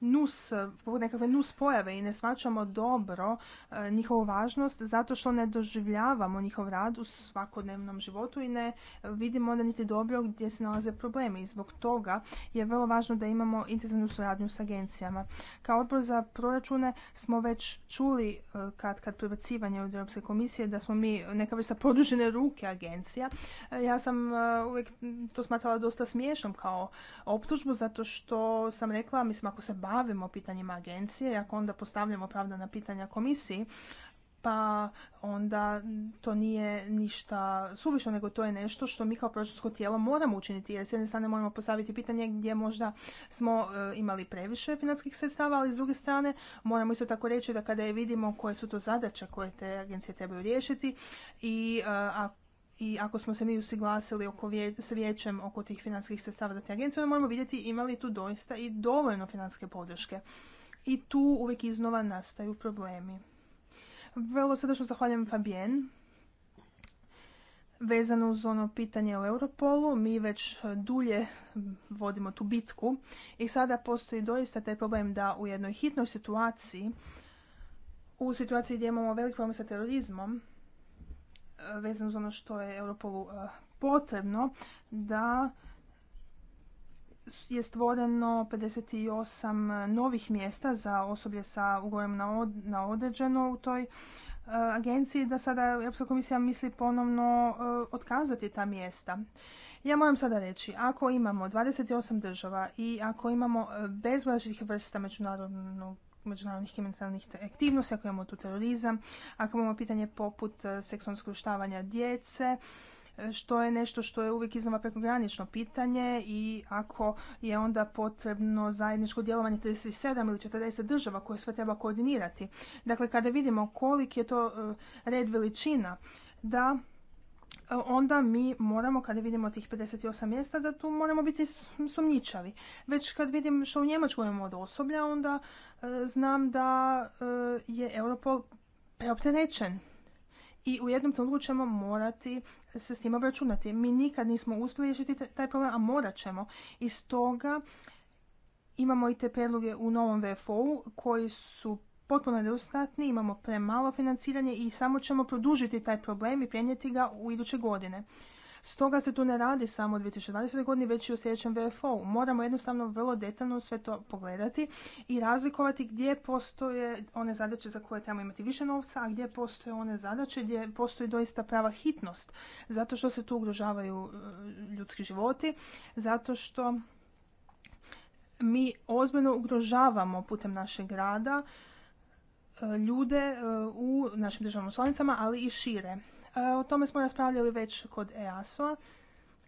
nus, nekakve nus pojave i ne shvaćamo dobro e, njihovu važnost zato što ne doživljavamo njihov rad u svakodnevnom životu i ne vidimo onda niti dobro gdje se nalaze problemi. I zbog toga je vrlo važno da imamo intenzivnu suradnju s agencijama. Kao odbor za proračune smo već čuli e, kad kad prebacivanje od Europske komisije da smo mi neka vrsta produžene ruke agencija. E, ja sam uvijek to smatrala dosta smiješnom kao optužbu zato što sam rekla, mislim ako se bavimo pitanjima agencije, ako onda postavljamo opravdana pitanja komisiji, pa onda to nije ništa suvišno, nego to je nešto što mi kao proračunsko tijelo moramo učiniti. Jer s jedne strane moramo postaviti pitanje gdje možda smo e, imali previše financijskih sredstava, ali s druge strane moramo isto tako reći da kada je vidimo koje su to zadaće koje te agencije trebaju riješiti i e, ako i ako smo se mi usiglasili oko vje, s vijećem oko tih financijskih sredstava za te agencije, onda moramo vidjeti imali tu doista i dovoljno financijske podrške. I tu uvijek iznova nastaju problemi. Vrlo srdečno zahvaljujem Fabien. Vezano uz ono pitanje o Europolu, mi već dulje vodimo tu bitku i sada postoji doista taj problem da u jednoj hitnoj situaciji, u situaciji gdje imamo velik problem sa terorizmom, vezano za ono što je Europolu e, potrebno da je stvoreno 58 novih mjesta za osoblje sa ugojem na određeno u toj e, agenciji da sada Europska komisija misli ponovno e, otkazati ta mjesta. Ja moram sada reći, ako imamo 28 država i ako imamo bezvlačnih vrsta međunarodnog međunarodnih kriminalnih aktivnosti, ako imamo tu terorizam, ako imamo pitanje poput e, seksualnog skruštavanja djece, e, što je nešto što je uvijek iznova prekogranično pitanje i ako je onda potrebno zajedničko djelovanje 37 ili 40 država koje sve treba koordinirati. Dakle, kada vidimo koliki je to e, red veličina, da onda mi moramo, kada vidimo tih 58 mjesta, da tu moramo biti sumnjičavi. Već kad vidim što u Njemačku imamo od osoblja, onda znam da e, je Europol preopterećen i u jednom trenutku ćemo morati se s tim obračunati. Mi nikad nismo uspjeli riješiti taj problem, a morat ćemo. I stoga imamo i te predloge u novom VFO-u koji su potpuno nedostatni, imamo premalo financiranje i samo ćemo produžiti taj problem i prenijeti ga u iduće godine. Stoga se tu ne radi samo u 2020. godini, već i u sljedećem VFO-u. Moramo jednostavno vrlo detaljno sve to pogledati i razlikovati gdje postoje one zadaće za koje trebamo imati više novca, a gdje postoje one zadaće gdje postoji doista prava hitnost, zato što se tu ugrožavaju e, ljudski životi, zato što mi ozbiljno ugrožavamo putem našeg rada e, ljude e, u našim državama članicama, ali i šire. E, o tome smo raspravljali već kod EASO-a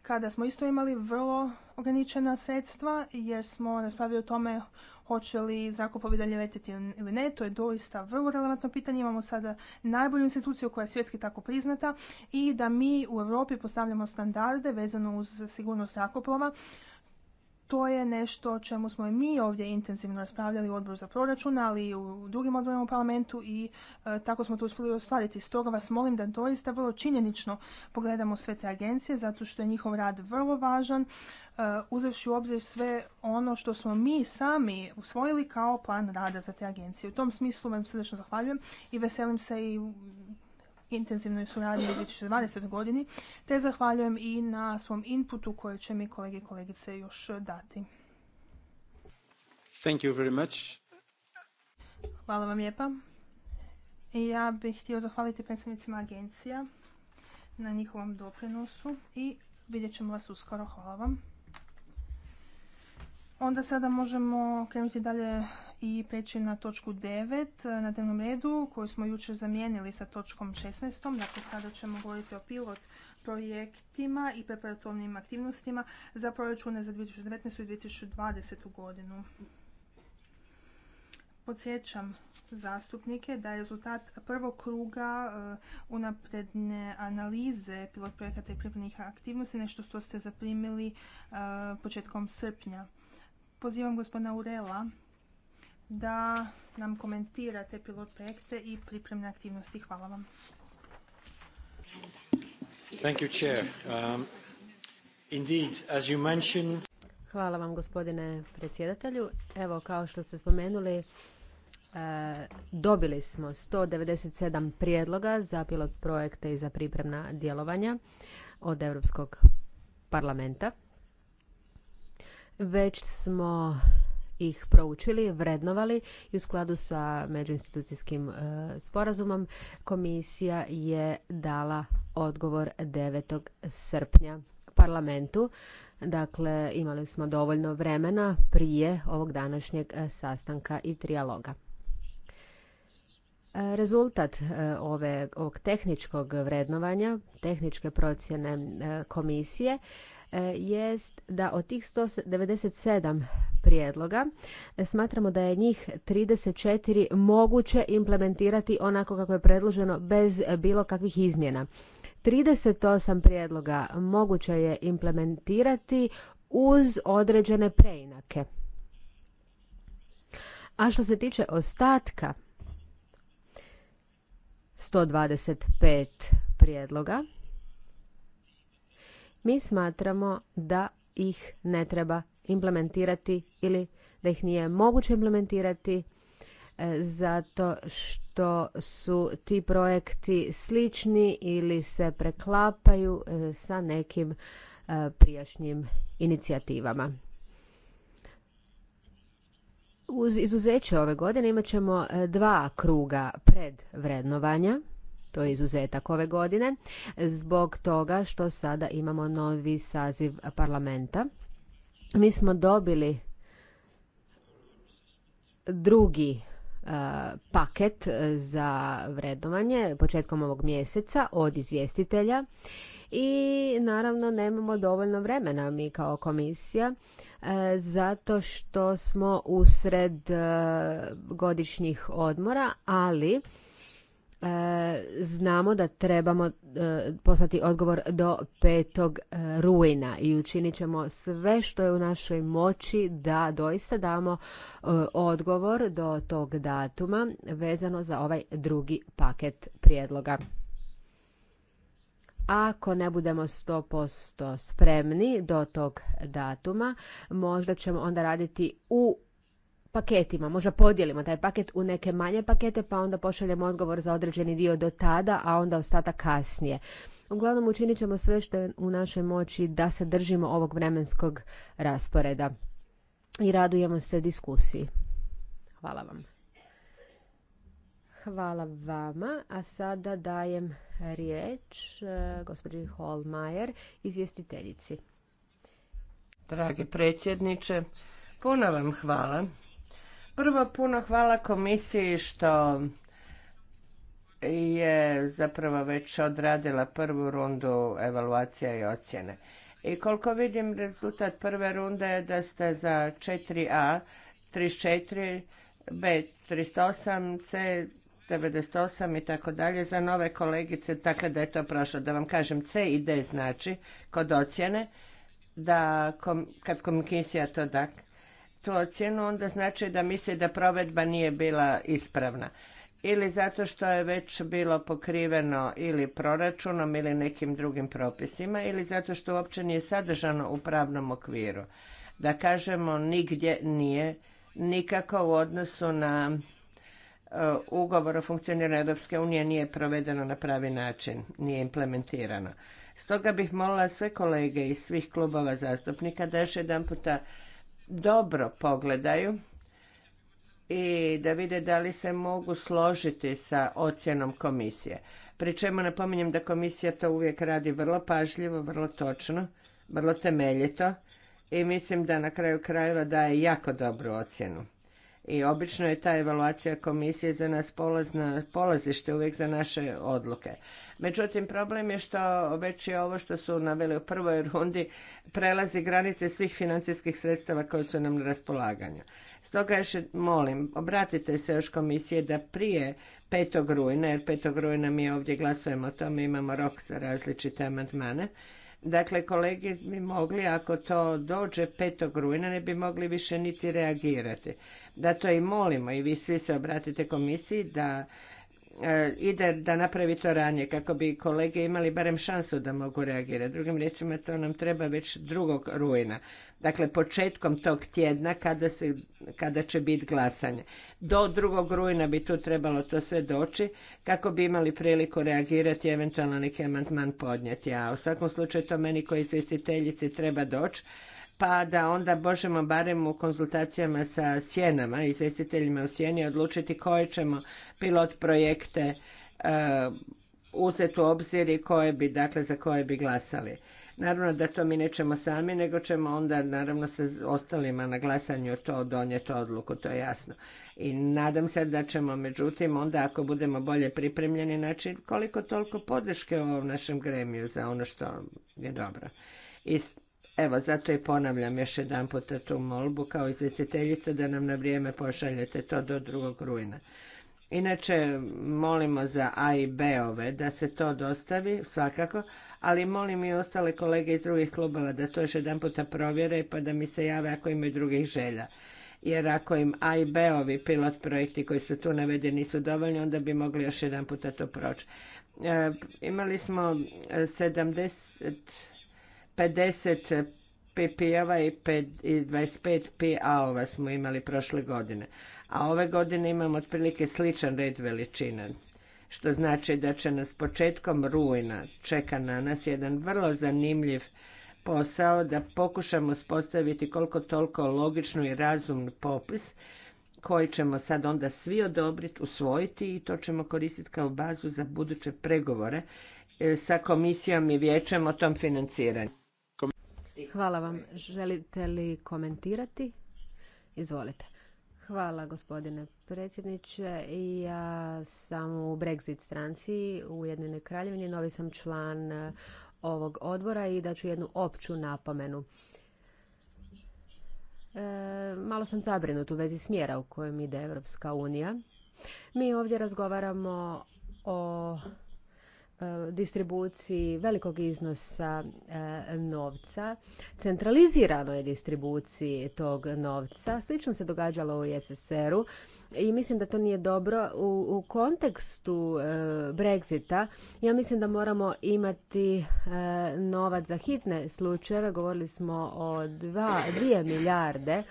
kada smo isto imali vrlo ograničena sredstva jer smo raspravljali o tome hoće li zrakoplovi dalje letjeti ili ne. To je doista vrlo relevantno pitanje. Imamo sada najbolju instituciju koja je svjetski tako priznata i da mi u Europi postavljamo standarde vezano uz sigurnost zrakoplova to je nešto o čemu smo i mi ovdje intenzivno raspravljali u odboru za proračun, ali i u drugim odborima u parlamentu i e, tako smo to uspjeli ostvariti. Stoga vas molim da doista vrlo činjenično pogledamo sve te agencije, zato što je njihov rad vrlo važan, e, uzevši u obzir sve ono što smo mi sami usvojili kao plan rada za te agencije. U tom smislu vam srdečno zahvaljujem i veselim se i intenzivnoj suradnji u 2020. godini, te zahvaljujem i na svom inputu koje će mi kolege i kolegice još dati. Thank you very much. Hvala vam lijepa. Ja bih htio zahvaliti predstavnicima agencija na njihovom doprinosu i vidjet ćemo vas uskoro. Hvala vam. Onda sada možemo krenuti dalje i preći na točku 9 eh, na dnevnom redu koju smo jučer zamijenili sa točkom 16. Dakle, sada ćemo govoriti o pilot projektima i preparatornim aktivnostima za proračune za 2019. i 2020. godinu. Podsjećam zastupnike da je rezultat prvog kruga eh, unapredne analize pilot projekata i pripremnih aktivnosti nešto što ste zaprimili eh, početkom srpnja. Pozivam gospodina Urela da nam komentirate pilot projekte i pripremne aktivnosti. Hvala vam. Um, Hvala vam gospodine predsjedatelju. Evo kao što ste spomenuli, uh, dobili smo 197 prijedloga za pilot projekte i za pripremna djelovanja od Europskog parlamenta. Već smo ih proučili, vrednovali i u skladu sa međuinstitucijskim e, sporazumom komisija je dala odgovor 9. srpnja parlamentu. Dakle, imali smo dovoljno vremena prije ovog današnjeg e, sastanka i trijaloga. E, rezultat ovog tehničkog vrednovanja, tehničke procjene komisije E, jest da od tih 197 prijedloga e, smatramo da je njih 34 moguće implementirati onako kako je predloženo bez bilo kakvih izmjena. 38 prijedloga moguće je implementirati uz određene preinake. A što se tiče ostatka 125 prijedloga mi smatramo da ih ne treba implementirati ili da ih nije moguće implementirati e, zato što su ti projekti slični ili se preklapaju e, sa nekim e, prijašnjim inicijativama. Uz izuzeće ove godine imat ćemo dva kruga predvrednovanja to je izuzetak ove godine, zbog toga što sada imamo novi saziv parlamenta. Mi smo dobili drugi e, paket za vrednovanje početkom ovog mjeseca od izvjestitelja i naravno nemamo dovoljno vremena mi kao komisija e, zato što smo usred e, godišnjih odmora, ali E, znamo da trebamo e, poslati odgovor do 5. E, rujna i učinit ćemo sve što je u našoj moći da doista damo odgovor do tog datuma vezano za ovaj drugi paket prijedloga. Ako ne budemo 100% spremni do tog datuma, možda ćemo onda raditi u paketima, možda podijelimo taj paket u neke manje pakete pa onda pošaljemo odgovor za određeni dio do tada, a onda ostatak kasnije. Uglavnom učinit ćemo sve što je u našoj moći da se držimo ovog vremenskog rasporeda i radujemo se diskusiji. Hvala vam. Hvala vama, a sada dajem riječ e, gospođi Holmajer, izvjestiteljici. Dragi predsjedniče, puno vam hvala Prvo, puno hvala komisiji što je zapravo već odradila prvu rundu evaluacija i ocjene. I koliko vidim, rezultat prve runde je da ste za 4A 34, B 308, C 98 i tako dalje za nove kolegice, dakle da je to prošlo. Da vam kažem, C i D znači kod ocjene da kom, kad komisija to da, tu ocjenu, onda znači da misli da provedba nije bila ispravna. Ili zato što je već bilo pokriveno ili proračunom ili nekim drugim propisima ili zato što uopće nije sadržano u pravnom okviru. Da kažemo nigdje nije nikako u odnosu na e, ugovor o funkcioniranju Europske unije nije provedeno na pravi način, nije implementirano. Stoga bih molila sve kolege iz svih klubova zastupnika da još jedan puta dobro pogledaju i da vide da li se mogu složiti sa ocjenom komisije. Pri čemu napominjem da komisija to uvijek radi vrlo pažljivo, vrlo točno, vrlo temeljito i mislim da na kraju krajeva daje jako dobru ocjenu. I obično je ta evaluacija komisije za nas polazna, polazište uvijek za naše odluke. Međutim, problem je što već je ovo što su naveli u prvoj rundi prelazi granice svih financijskih sredstava koje su nam na raspolaganju. Stoga još molim, obratite se još komisije da prije 5. rujna, jer 5. rujna mi ovdje glasujemo o tome, imamo rok za različite amandmane, Dakle, kolege bi mogli, ako to dođe 5. rujna, ne bi mogli više niti reagirati. Da to i molimo i vi svi se obratite komisiji da E, ide da napravi to ranije kako bi kolege imali barem šansu da mogu reagirati. Drugim riječima to nam treba već drugog rujna. Dakle, početkom tog tjedna kada, se, kada će biti glasanje. Do drugog rujna bi tu trebalo to sve doći kako bi imali priliku reagirati i eventualno neki amandman podnijeti. A u svakom slučaju to meni koji izvjestiteljici treba doći pa da onda možemo barem u konzultacijama sa sjenama, izvjestiteljima u sjeni odlučiti koje ćemo pilot projekte e, uzeti u obzir i koje bi, dakle, za koje bi glasali. Naravno da to mi nećemo sami, nego ćemo onda naravno sa ostalima na glasanju to donijeti odluku, to je jasno. I nadam se da ćemo, međutim, onda ako budemo bolje pripremljeni, znači koliko toliko podrške u ovom našem gremiju za ono što je dobro. I Evo, zato i ponavljam još jedan puta tu molbu kao izvjestiteljica da nam na vrijeme pošaljete to do drugog rujna. Inače, molimo za A i B-ove da se to dostavi, svakako, ali molim i ostale kolege iz drugih klubova da to još jedan puta provjere pa da mi se jave ako imaju drugih želja. Jer ako im A i B-ovi pilot projekti koji su tu navedeni nisu dovoljni, onda bi mogli još jedan puta to proći. E, imali smo 70 50 PP-ova i 25 PA-ova smo imali prošle godine. A ove godine imamo otprilike sličan red veličina. Što znači da će nas početkom rujna čeka na nas jedan vrlo zanimljiv posao da pokušamo spostaviti koliko toliko logičnu i razumnu popis koji ćemo sad onda svi odobriti, usvojiti i to ćemo koristiti kao bazu za buduće pregovore e, sa komisijom i vijećem o tom financiranju. Hvala vam. Želite li komentirati? Izvolite. Hvala gospodine predsjedniče. Ja sam u Brexit stranci u Ujedinjenoj kraljevini. Novi sam član e, ovog odbora i daću jednu opću napomenu. E, malo sam zabrinut u vezi smjera u kojem ide Europska unija. Mi ovdje razgovaramo o E, distribuciji velikog iznosa e, novca, centraliziranoj distribuciji tog novca. Slično se događalo u SSR-u i mislim da to nije dobro. U, kontekstu e, Brexita ja mislim da moramo imati novac za hitne slučajeve. Govorili smo o dva, dvije milijarde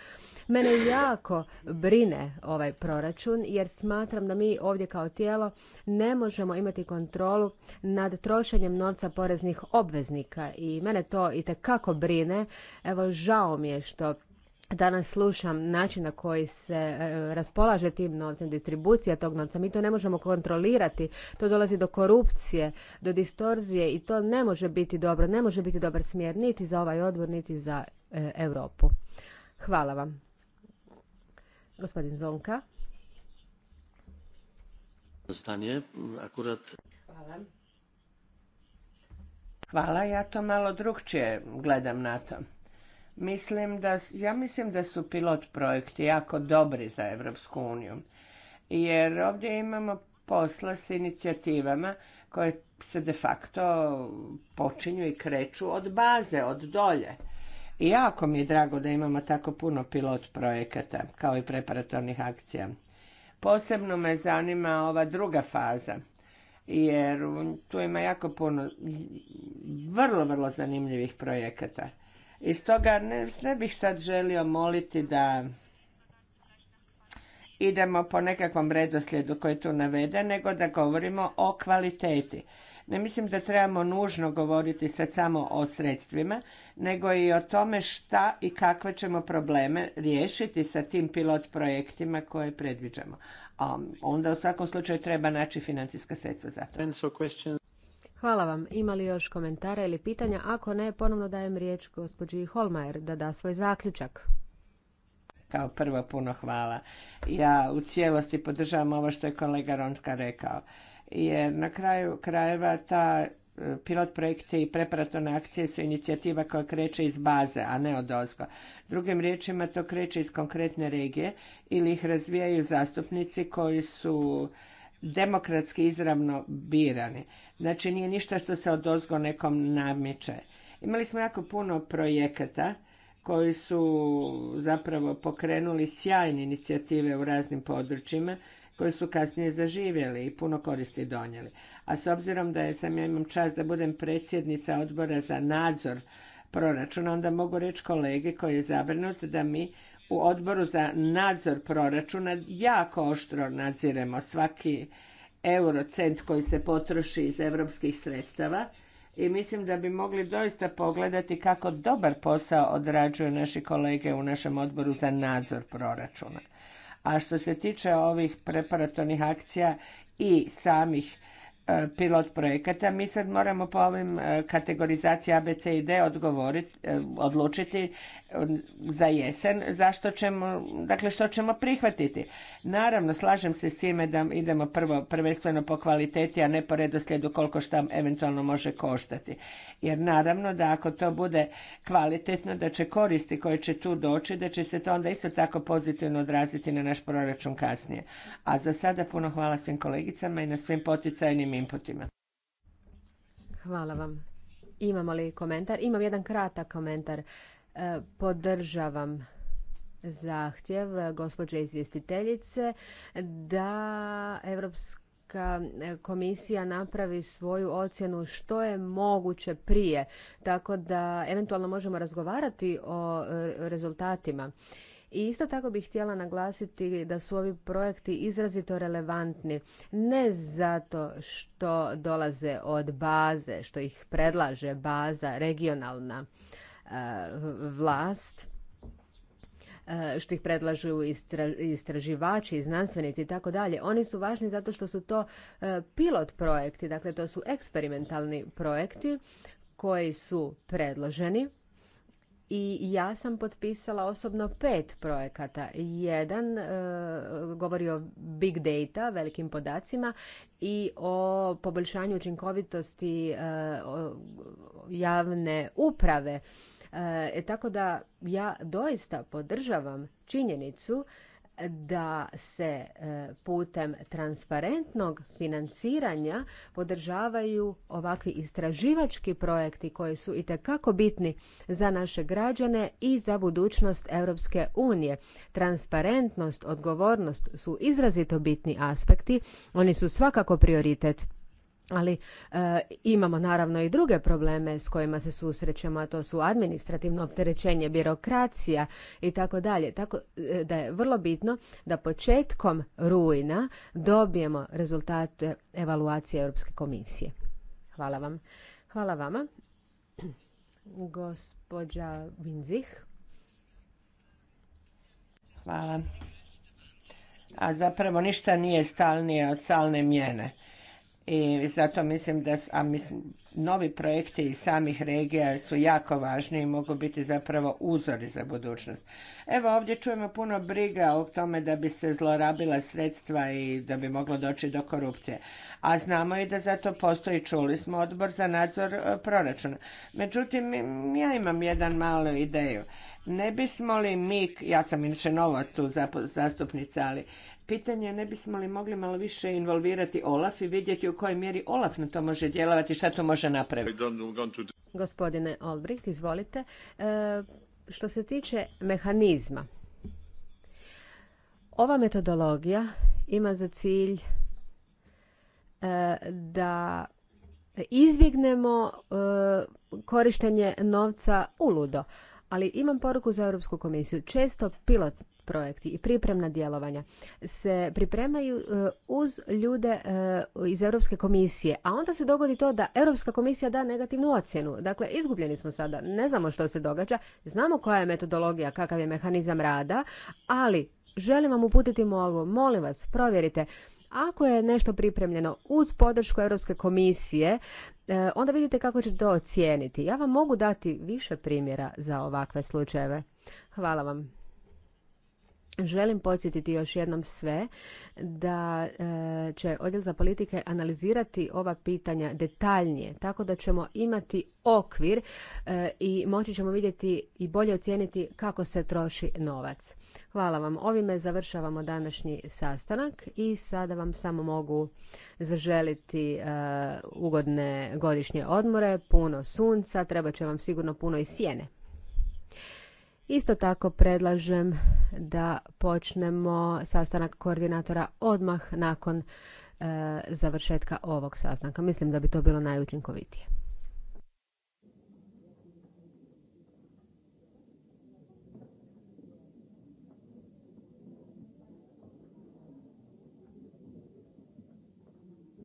Mene jako brine ovaj proračun jer smatram da mi ovdje kao tijelo ne možemo imati kontrolu nad trošenjem novca poreznih obveznika i mene to i kako brine. Evo, žao mi je što danas slušam način na koji se e, raspolaže tim novcem, distribucija tog novca. Mi to ne možemo kontrolirati. To dolazi do korupcije, do distorzije i to ne može biti dobro. Ne može biti dobar smjer niti za ovaj odbor, niti za e, Europu. Hvala vam. Gospodin Zonka. Hvala. ja to malo drugčije gledam na to. Mislim ja mislim da su pilot projekti jako dobri za Evropsku uniju. Jer ovdje imamo posla s inicijativama koje se de facto počinju i kreću od baze, od dolje. I jako mi je drago da imamo tako puno pilot projekata, kao i preparatornih akcija. Posebno me zanima ova druga faza, jer tu ima jako puno vrlo, vrlo zanimljivih projekata. I stoga ne, ne bih sad želio moliti da idemo po nekakvom redoslijedu koji je tu naveden, nego da govorimo o kvaliteti. Ne mislim da trebamo nužno govoriti sad samo o sredstvima, nego i o tome šta i kakve ćemo probleme riješiti sa tim pilot projektima koje predviđamo. A onda u svakom slučaju treba naći financijska sredstva za to. Hvala vam. Ima li još komentara ili pitanja? Ako ne, ponovno dajem riječ gospođi Holmajer da da svoj zaključak. Kao prvo puno hvala. Ja u cijelosti podržavam ovo što je kolega Ronska rekao jer na kraju krajeva ta e, pilot projekte i preparatorne akcije su inicijativa koja kreće iz baze, a ne od ozgo. Drugim riječima, to kreće iz konkretne regije ili ih razvijaju zastupnici koji su demokratski izravno birani. Znači, nije ništa što se od ozgo nekom namiče. Imali smo jako puno projekata koji su zapravo pokrenuli sjajne inicijative u raznim područjima koji su kasnije zaživjeli i puno koristi donijeli. A s obzirom da je sam ja imam čast da budem predsjednica odbora za nadzor proračuna, onda mogu reći kolegi koji je zabrinut da mi u odboru za nadzor proračuna jako oštro nadziremo svaki eurocent koji se potroši iz europskih sredstava i mislim da bi mogli doista pogledati kako dobar posao odrađuju naši kolege u našem odboru za nadzor proračuna. A što se tiče ovih preparatornih akcija i samih e, pilot projekata, mi sad moramo po ovim e, kategorizaciji A, i D odgovoriti, e, odlučiti za jesen, zašto ćemo, dakle što ćemo prihvatiti. Naravno, slažem se s time da idemo prvo prvenstveno po kvaliteti, a ne po redoslijedu koliko šta eventualno može koštati. Jer naravno da ako to bude kvalitetno, da će koristi koje će tu doći, da će se to onda isto tako pozitivno odraziti na naš proračun kasnije. A za sada puno hvala svim kolegicama i na svim poticajnim inputima. Hvala vam. Imamo li komentar? Imam jedan kratak komentar. E, podržavam zahtjev gospođe izvjestiteljice da Europska komisija napravi svoju ocjenu što je moguće prije, tako da eventualno možemo razgovarati o rezultatima. I isto tako bih htjela naglasiti da su ovi projekti izrazito relevantni, ne zato što dolaze od baze, što ih predlaže baza regionalna, Eh, vlast eh, što ih predlažu istraživači znanstvenici i tako dalje. Oni su važni zato što su to eh, pilot projekti, dakle to su eksperimentalni projekti koji su predloženi i ja sam potpisala osobno pet projekata. Jedan govori o big data, velikim podacima i o poboljšanju učinkovitosti javne uprave E, tako da ja doista podržavam činjenicu da se e, putem transparentnog financiranja podržavaju ovakvi istraživački projekti koji su i kako bitni za naše građane i za budućnost Europske unije. Transparentnost, odgovornost su izrazito bitni aspekti, oni su svakako prioritet ali e, imamo naravno i druge probleme s kojima se susrećemo a to su administrativno opterećenje birokracija i tako dalje tako e, da je vrlo bitno da početkom rujna dobijemo rezultate evaluacije europske komisije hvala vam hvala vama gospođa hvala a zapravo ništa nije stalnije od stalne mjene i zato mislim da a mislim, novi projekti iz samih regija su jako važni i mogu biti zapravo uzori za budućnost. Evo ovdje čujemo puno briga o tome da bi se zlorabila sredstva i da bi moglo doći do korupcije. A znamo i da zato postoji, čuli smo, odbor za nadzor e, proračuna. Međutim, ja imam jedan malo ideju. Ne bismo li mi, ja sam inače nova tu zastupnica, ali pitanje je ne bismo li mogli malo više involvirati Olaf i vidjeti u kojoj mjeri Olaf na to može djelovati i šta to može napraviti. Gospodine Olbricht, izvolite. E, što se tiče mehanizma, ova metodologija ima za cilj e, da izbjegnemo e, korištenje novca u ludo. Ali imam poruku za Europsku komisiju. Često pilot projekti i pripremna djelovanja se pripremaju e, uz ljude e, iz Europske komisije, a onda se dogodi to da Europska komisija da negativnu ocjenu. Dakle, izgubljeni smo sada, ne znamo što se događa, znamo koja je metodologija, kakav je mehanizam rada, ali želim vam uputiti molbu, molim vas, provjerite ako je nešto pripremljeno uz podršku Europske komisije, e, onda vidite kako će to ocijeniti. Ja vam mogu dati više primjera za ovakve slučajeve. Hvala vam. Želim podsjetiti još jednom sve da e, će Odjel za politike analizirati ova pitanja detaljnije, tako da ćemo imati okvir e, i moći ćemo vidjeti i bolje ocijeniti kako se troši novac. Hvala vam. Ovime završavamo današnji sastanak i sada vam samo mogu zaželiti e, ugodne godišnje odmore, puno sunca, treba će vam sigurno puno i sjene. Isto tako predlažem da počnemo sastanak koordinatora odmah nakon e, završetka ovog sastanka. Mislim da bi to bilo najučinkovitije.